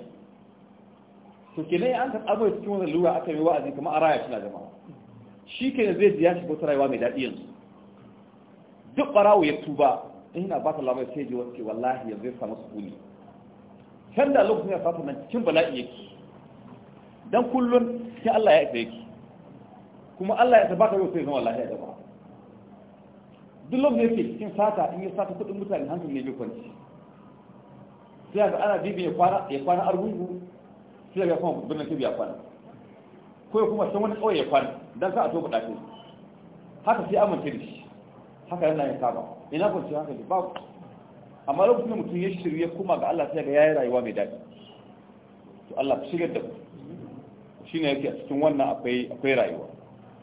to kenan an ka abu cikin wannan lura aka yi wa'azi kamar a raya suna jama'a shi ke zai ji ya shiga wata rayuwa mai daɗi yanzu duk ɓarawo ya tuba in yana ba ta labarai sai ji wasu wallahi yanzu ya samu sukuni can da lokacin ya fata nan cikin bala'i yake dan kullum sai Allah ya isa yake kuma Allah ya tabbatar yau sai zama lafiya jama'a duk lokacin yake cikin fata in ya sata kuɗin mutane hankali ne mai kwanci sai ga ana bibi ya kwana ya kwana argungu sai ga kuma birnin kibi ya kwana ko ya kuma san wani kawai ya kwana dan sa a to kuɗaɗe haka sai amince da shi haka yana yin saba ina kwanci haka da babu amma lokacin da mutum ya shirye kuma ga Allah sai ga yayi rayuwa mai daɗi to Allah shigar da ku shine yake a cikin wannan akwai akwai rayuwa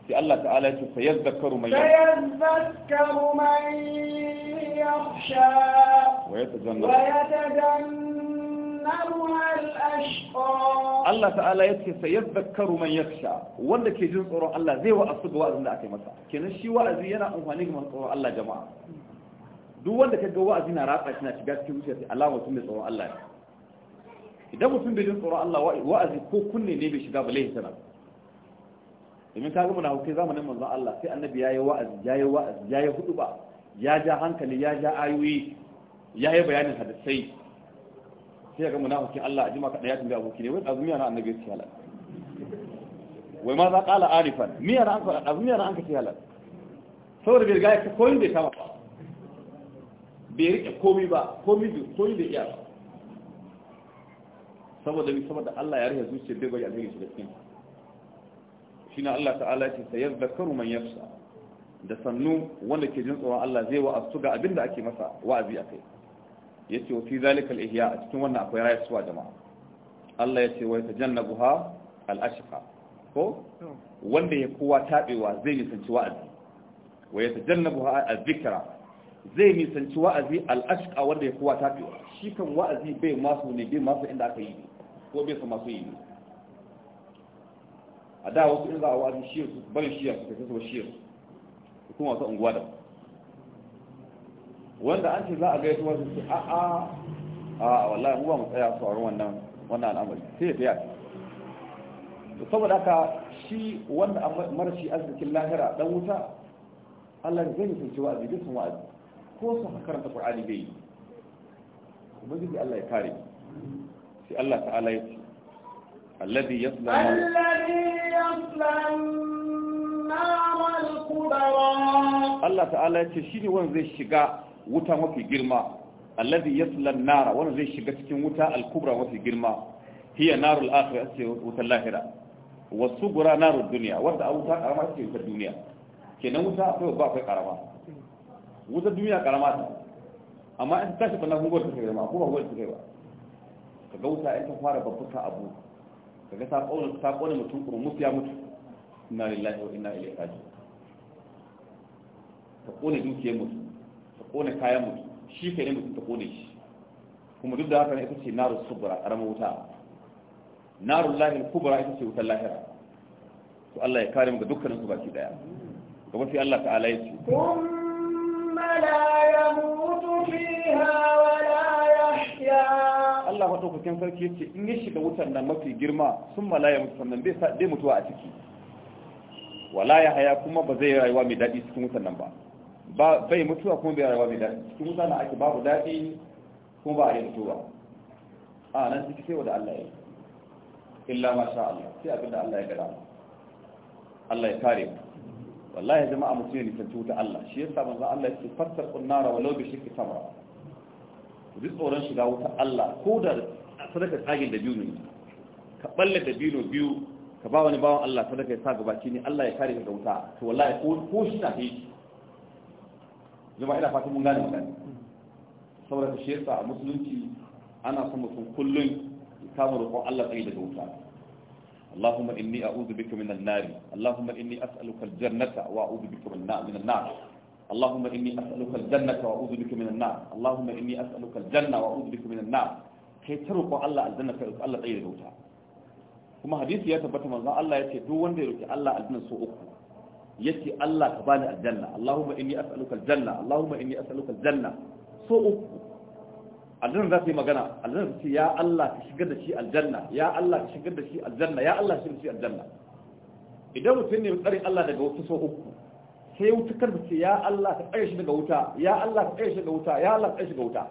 sai Allah ta'ala ya ce sayadhakaru man yadhakaru man yakhsha Allah ta'ala ya ce sai yadhakkaru man sha. wanda ke jin tsoron Allah zai wa asuba wa'azin da aka yi masa kenan shi wa'azi yana amfani ga tsoron Allah jama'a duk wanda ka ga wa'azi na ratsa shi na shiga cikin zuciya sai alama mutum bai tsoron Allah idan mutum bai jin tsoron Allah wa'azi ko kunne ne bai shiga ba laihin sana domin ka ga munafukai zamanin manzon Allah sai annabi yayi wa'azi yayi wa'azi yayi hudu ba ya ja hankali ya ja ayoyi ya yi bayanin hadisai sai ga munafiki Allah ajima ka daya ya tambaya aboki ne wai ɗazu miya na annabi su halal wai ma za ƙala arifan miya na anka azumiya miya na an ka ce halal saboda bai ga ya koyin bai kama ba bai riƙe komi ba komi bai koyin bai iya ba saboda ni saboda Allah ya rike zuciyar bai bari alheri shiga cikin na Allah ta'ala ya ce sayazakaru man yafsa da sannu wanda ke jin tsoron Allah zai wa'azu ga abinda ake masa wa'azi akai yace wa fi zalikal ihya a cikin wannan akwai rayuwa jama'a Allah ya yace wa yatajannabuha al al'ashika. ko wanda ya kowa taɓewa zai nisanci wa'azi wa yatajannabuha al-dhikra zai nisanci wa'azi al'ashika wanda ya kowa taɓewa. shi kan wa'azi bai masu ne bai masu inda aka yi ko bai sa masu yi ne a da wasu in za a wa'azi shi su bari shi ya su kai su shi su kuma wasu unguwa da su. wanda an ce za a gaisa wasu su a a a wallahi mu ba mu tsaya su a wannan wannan al'amari sai ya tsaya to saboda haka shi wanda marashi arzikin lahira dan wuta Allah zai yi sun a jirgin duk sun wa'azi ko su karanta Qur'ani bai yi ubangiji Allah ya kare sai Allah ta'ala ya ce alladhi yasla alladhi yasla Allah ta'ala ya ce shine wanda zai shiga wuta mafi girma alladhi yasla nara wanda zai shiga cikin wuta al-kubra mafi girma hiya narul akhirah ce wutar lahira wa sugura narul dunya wanda a wuta karama ce wutar duniya kenan wuta akwai ba akwai karama wutar duniya karama ta amma in ta tashi bana kuma ta girma ko ba kuma ta girma kaga wuta in ta fara babbuka abu kaga ta kauna ta kauna mutum kuma ya mutu inna lillahi wa inna ilaihi raji'un ta kone dukiyar mutum kone kayan mutu shi ke ne mutum ta kone shi kuma duk da haka ne ita ce naru subra karamar wuta narun lahir kubra ita ce wutar lahira to Allah ya kare mu ga dukkanin su baki daya gaba sai Allah ta'ala ya ce kuma la yamutu fiha wa la yahya Allah wato kukan sarki yace in ya shiga wutar nan mafi girma sun ya mutu sannan bai sa dai mutuwa a ciki wala ya haya kuma ba zai rayuwa mai daɗi cikin wutar nan ba bai mutuwa kuma bai rayuwa mai daɗi cikin wuta na ake babu daɗi kuma ba a yi mutuwa a nan ciki sai wanda Allah ya yi illa ma sha Allah sai abinda Allah ya gada Allah ya kare mu wallahi jama'a mutum ne nisanci wuta Allah shi yasa manzo Allah ya ce fassar kunnara wa lau bi shirki samra ku ji tsoron shiga wuta Allah ko da sadaka tsagin da biyu ne ka balle da biyu biyu ka ba wani bawan Allah sadaka ya sa gaba ne Allah ya kare ka ga wuta to wallahi ko ko shi na yi yamma ina fatan mun gane magana saboda ta a musulunci ana son mutum kullum ya kama roƙon Allah tsaye daga wuta Allahumma inni a'udhu bika min an-nari Allahumma inni as'aluka al-jannata wa a'udhu bika min an Allahumma inni as'aluka al-jannata wa a'udhu bika min an Allahumma inni as'aluka al-janna wa a'udhu bika min an-nar kai ta roƙo Allah aljanna kai roƙo Allah tsaye daga wuta kuma hadisi ya tabbata manzo Allah ya ce duk wanda ya roƙi Allah aljanna so uku yace Allah ka bani aljanna Allahumma inni as'aluka aljanna Allahumma inni as'aluka aljanna so uku aljanna za ta magana aljanna ta ce ya Allah ka shigar da shi aljanna ya Allah ka shigar da shi aljanna ya Allah ka shigar da shi aljanna idan mutum ne tsare Allah daga wasu so uku sai wuta kar ce ya Allah ka tsare shi daga wuta ya Allah ka tsare shi daga wuta ya Allah ka tsare shi daga wuta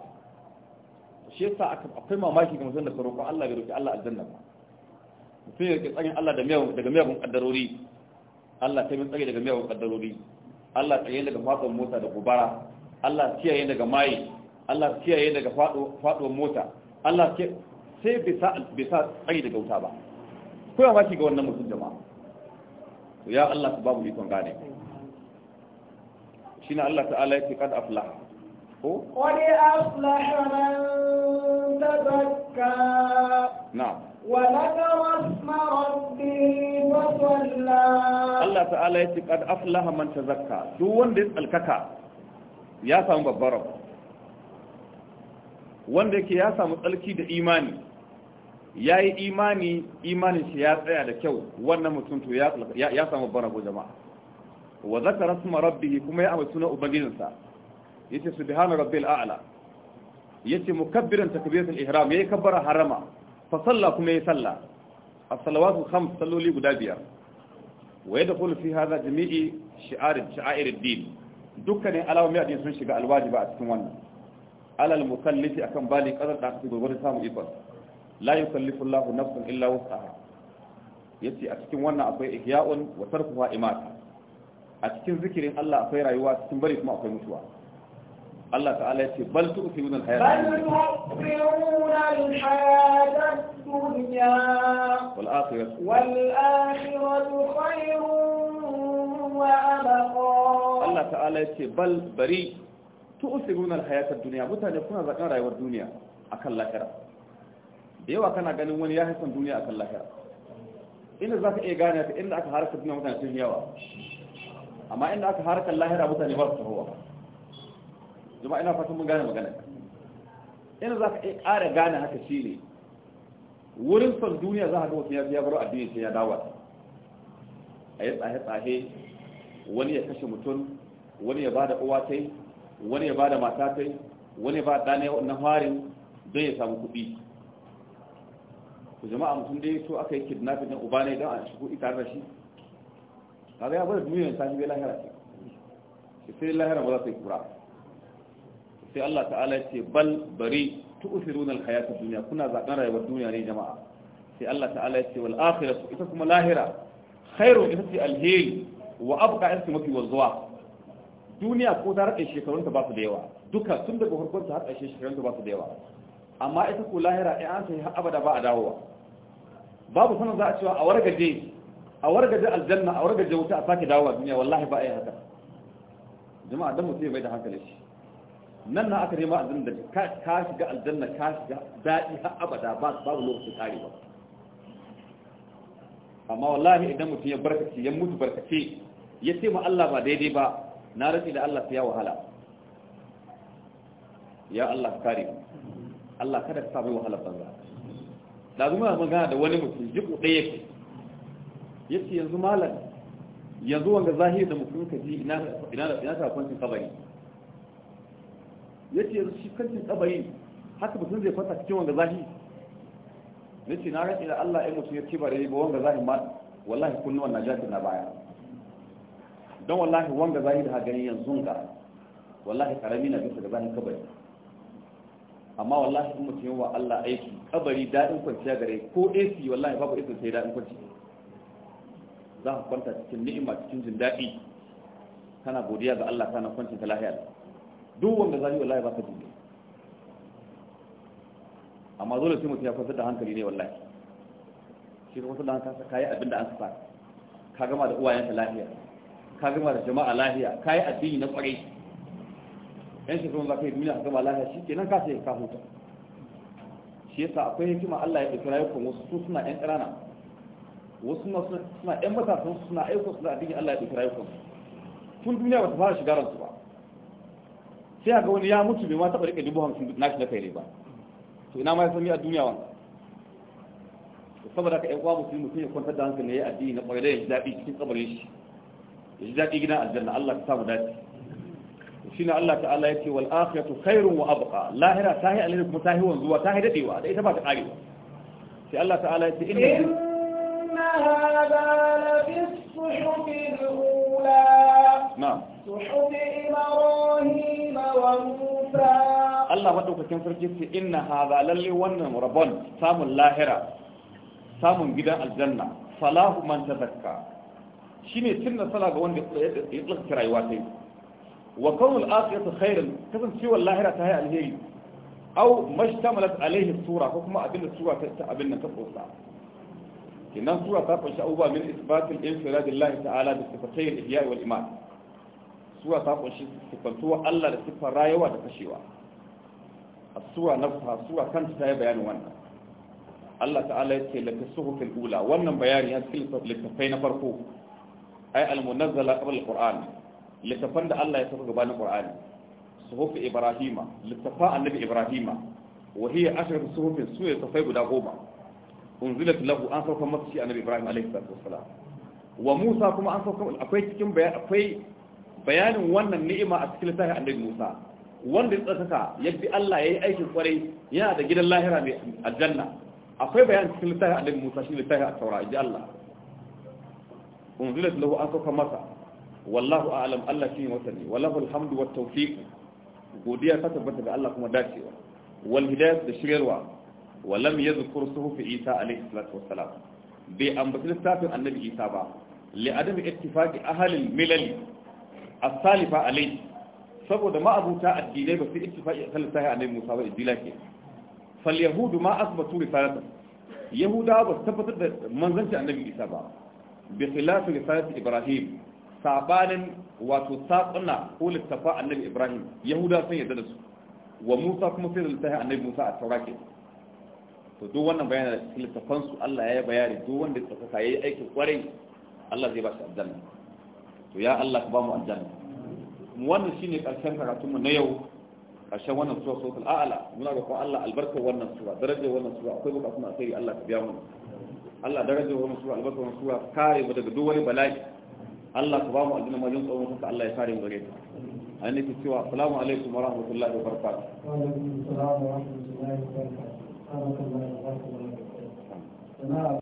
shi yasa akwai mamaki ga mutum da ka roƙo Allah bai roƙi Allah aljanna ba mutum ya rike tsarin Allah da daga miyagun kaddarori Allah ta min tsare daga miyagun kaddarori Allah tsaye daga fatsuwar mota da gobara Allah kiyaye daga maye Allah kiyaye daga faduwar mota Allah sai bai sa tsari daga wuta ba ko ya mashi ga wannan mutum jama'a ya Allah ta babu ikon gane shi na Allah ta'ala ya ce kad aflaha ko wani aflaha man tazakka na'am Allah ta'ala ya ce kad aflaha man tazakka duk wanda ya tsalkaka ya samu babbar rabu wanda yake ya samu tsalki da imani ya yi imani imanin shi ya tsaya da kyau wannan mutum to ya samu babbar rabu jama'a wa zakara suma rabbihi kuma ya amince na ubangijinsa yace subhana rabbil a'la yace mukabbiran takbiratul ihram yayi kabbara harama fa salla kuma ya salla as-salawatu khams salloli guda biyar wa yadkhulu fi haza jami'i shi'arin sha'airid din dukkanin alawomi addini sun shiga alwajiba a cikin wannan alal mukallifi akan bali ƙasar da aka gurgurin samu ikon la yukallifu Allahu nafsan illa Ya ce a cikin wannan akwai ihya'un wa tarkuha imata a cikin zikirin Allah akwai rayuwa cikin bari kuma akwai mutuwa Allah ta'ala yace bal tu'thiruna al-hayata bal tu'thiruna al-hayata ad-dunya wal akhiratu wal akhiratu khayrun wa abqa Allah ta'ala yace bal bari tu'thiruna al-hayata ad-dunya mutane kuna zakan rayuwar duniya akan lahira da yawa kana ganin wani ya haifan duniya akan lahira inda za ka iya gane ta inda aka harkar duniya mutane sun yawa amma inda aka harkar lahira mutane ba su tahowa jama'a ina fatan mun gane magana ina za ka iya ƙara gane haka shi ne wurin son duniya za a ga mutum ya baro addini sai ya dawo a yi tsahe-tsahe wani ya kashe mutum wani ya ba da uwa tai wani ya ba da mata tai wani ya ba da ɗana wannan harin don ya samu kuɗi ku jama'a mutum da ya so aka yi kidnapping na uba ne don a shi kuɗi tare da shi kaga ya bada duniyar sashi bai lahira ce sai lahira ba za ta yi kura sai Allah ta'ala ya ce bal bari tu'thirun al-hayata dunya kuna zaben rayuwar duniya ne jama'a sai Allah ta'ala ya ce wal akhiratu ita kuma lahira khairu ita ce alheri wa abqa ita mafi wanzuwa duniya ko ta rake shekarun ta ba su da yawa duka tun daga farkon ta har ƙarshe shekarun ta ba su da yawa amma ita ko lahira ai an sai abada ba a dawowa babu sanin za a cewa a wargaje a wargaje aljanna a wargaje wuta a sake dawowa duniya wallahi ba a yi haka jama'a dan mutum bai da hankali shi nan na aka nema aljanna da ka shiga aljanna ka shiga daɗi har abada ba babu lokacin kare ba amma wallahi idan mutum ya barkace ya mutu barkace ya ce ma Allah ba daidai ba na rantsi da Allah sai ya wahala ya Allah kare Allah kada ka sa mai wahala banza da zuma magana da wani mutum jiku kuɗe ku yace yanzu malam yanzu wanga zahiri da mutum ka ji ina ina ina ta kwancin kabari ya ce yanzu shi kancin tsabayin haka mutum zai fasa cikin wanga zahi ya ce na rantsi da Allah ya mutum ya ce ba da ba wanga zahi ma wallahi kunnuwa na jafi na baya don wallahi wanga zahi da haganin yanzu ga wallahi karami na bisa da zahin kabari amma wallahi in mutum yawa Allah aiki kabari daɗin kwanciya gare ko AC wallahi babu isin sai daɗin kwanci za ka kwanta cikin ni'ima cikin jin daɗi kana godiya ga Allah kana kwanci ta lahiya duk wanda zai wallahi ba ta dinga amma dole sai mutum ya kwanta da hankali ne wallahi shi ka kwanta da hankali ka yi abin da an sa ka gama da uwayenta lafiya ka gama da jama'a lafiya ka yi addini na kwarai yan shekarun za ka yi duniya ka gama lafiya shi kenan ka sai ka huta shi yasa akwai hikima Allah ya ɗauki rayukan wasu su suna yan ƙanana wasu suna yan matasan suna aiko suna addini Allah ya ɗauki rayukan tun duniya ba ta fara shiga ransu sai ga wani ya mutu bai ma taɓa rike dubu hamsin shi na kai ba to ina ma ya sami a duniya wa saboda ka yan kwa musulmi mutum ya kwantar da hankali ya addini na kwarai da ya ji daɗi cikin kabarin shi ya ji daɗi gina aljanna Allah ta samu daɗi ne Allah ta'ala yace wal akhiratu khairun wa abqa lahira ta hi alaihi kuma ta hi wanzuwa ta hi dadewa da ita ba ta karewa sai Allah ta'ala yace inna hadha la fi suhufil ula na'am صحف إبراهيم وموسى الله مدوك كم فرجت إن هذا للي ون ربون سام اللاهرة سام جدا الجنة صلاة من تزكى شنو سنة صلاة وان يطلق كرايواتي وكون الآخرة خيرا كذن سوى اللاهرة تهيئ الهي أو ما اشتملت عليه الصورة كما أدل الصورة تأبلنا تفرصها إنها صورة تقع شعوبة من إثبات الإنفراد الله تعالى بصفتي الإحياء والإمات sura ta kunshi siffantuwar Allah da siffar rayuwa da kashewa a sura na sura kanta ta yi bayanin wannan Allah ta'ala ya ce lafi suhufin ula wannan bayani ya cikin littafai na farko ai almunazzala qabla alquran littafan da Allah ya saka gabanin qur'ani suhuf ibrahima littafa annabi ibrahima wa hiya ashru suhufin su ya tafai guda goma unzilat lahu an sauka masa shi annabi ibrahim alaihi salatu wassalam wa musa kuma an sauka akwai cikin bayani akwai bayanin wannan ni'ima a cikin littafin annabi Musa wanda ya tsaka yadda Allah ya yi aikin kwarai yana da gidan lahira mai aljanna akwai bayanin cikin littafin annabi Musa shi littafin a taura inji Allah unzilat lahu an sauka masa wallahu a'lam Allah shi wasani wallahu alhamdu wat tawfiq godiya ta tabbata ga Allah kuma dacewa wal hidayat da shiryarwa walam yadhkur suhuf Isa alayhi salatu wassalam bai ambaci littafin annabi Isa ba li adam ittifaqi ahli milali as-salifa alai saboda ma'abuta addinai ba su ittifaqi akan lissafi annabi Musa ba injila ke fal yahudu ma asbatu risalata yahuda ba su tabbatar da manzanci annabi Isa ba bi khilaf risalati Ibrahim sabanin wato saƙuna ko littafa annabi Ibrahim yahuda sun yarda da su wa Musa kuma sai da lissafi annabi Musa a taurake to duk wannan bayanin littafansu Allah ya yi bayani duk wanda ya tsaka yayi aikin kwarai Allah zai ba shi aljanna to ya Allah ka ba mu aljanna wannan shine karshen karatunmu na yau karshen wannan sura suratul a'la muna roƙon Allah albarkar wannan sura darajar wannan sura akwai bukatun asiri Allah ka biya mu Allah darajar wannan sura albarkar wannan sura kare mu daga duk wani bala'i Allah ka ba mu aljanna majin tsawon ka Allah ya kare mu gare ta an nake cewa assalamu alaikum wa rahmatullahi wa barakatuh wa alaikum assalam wa rahmatullahi wa barakatuh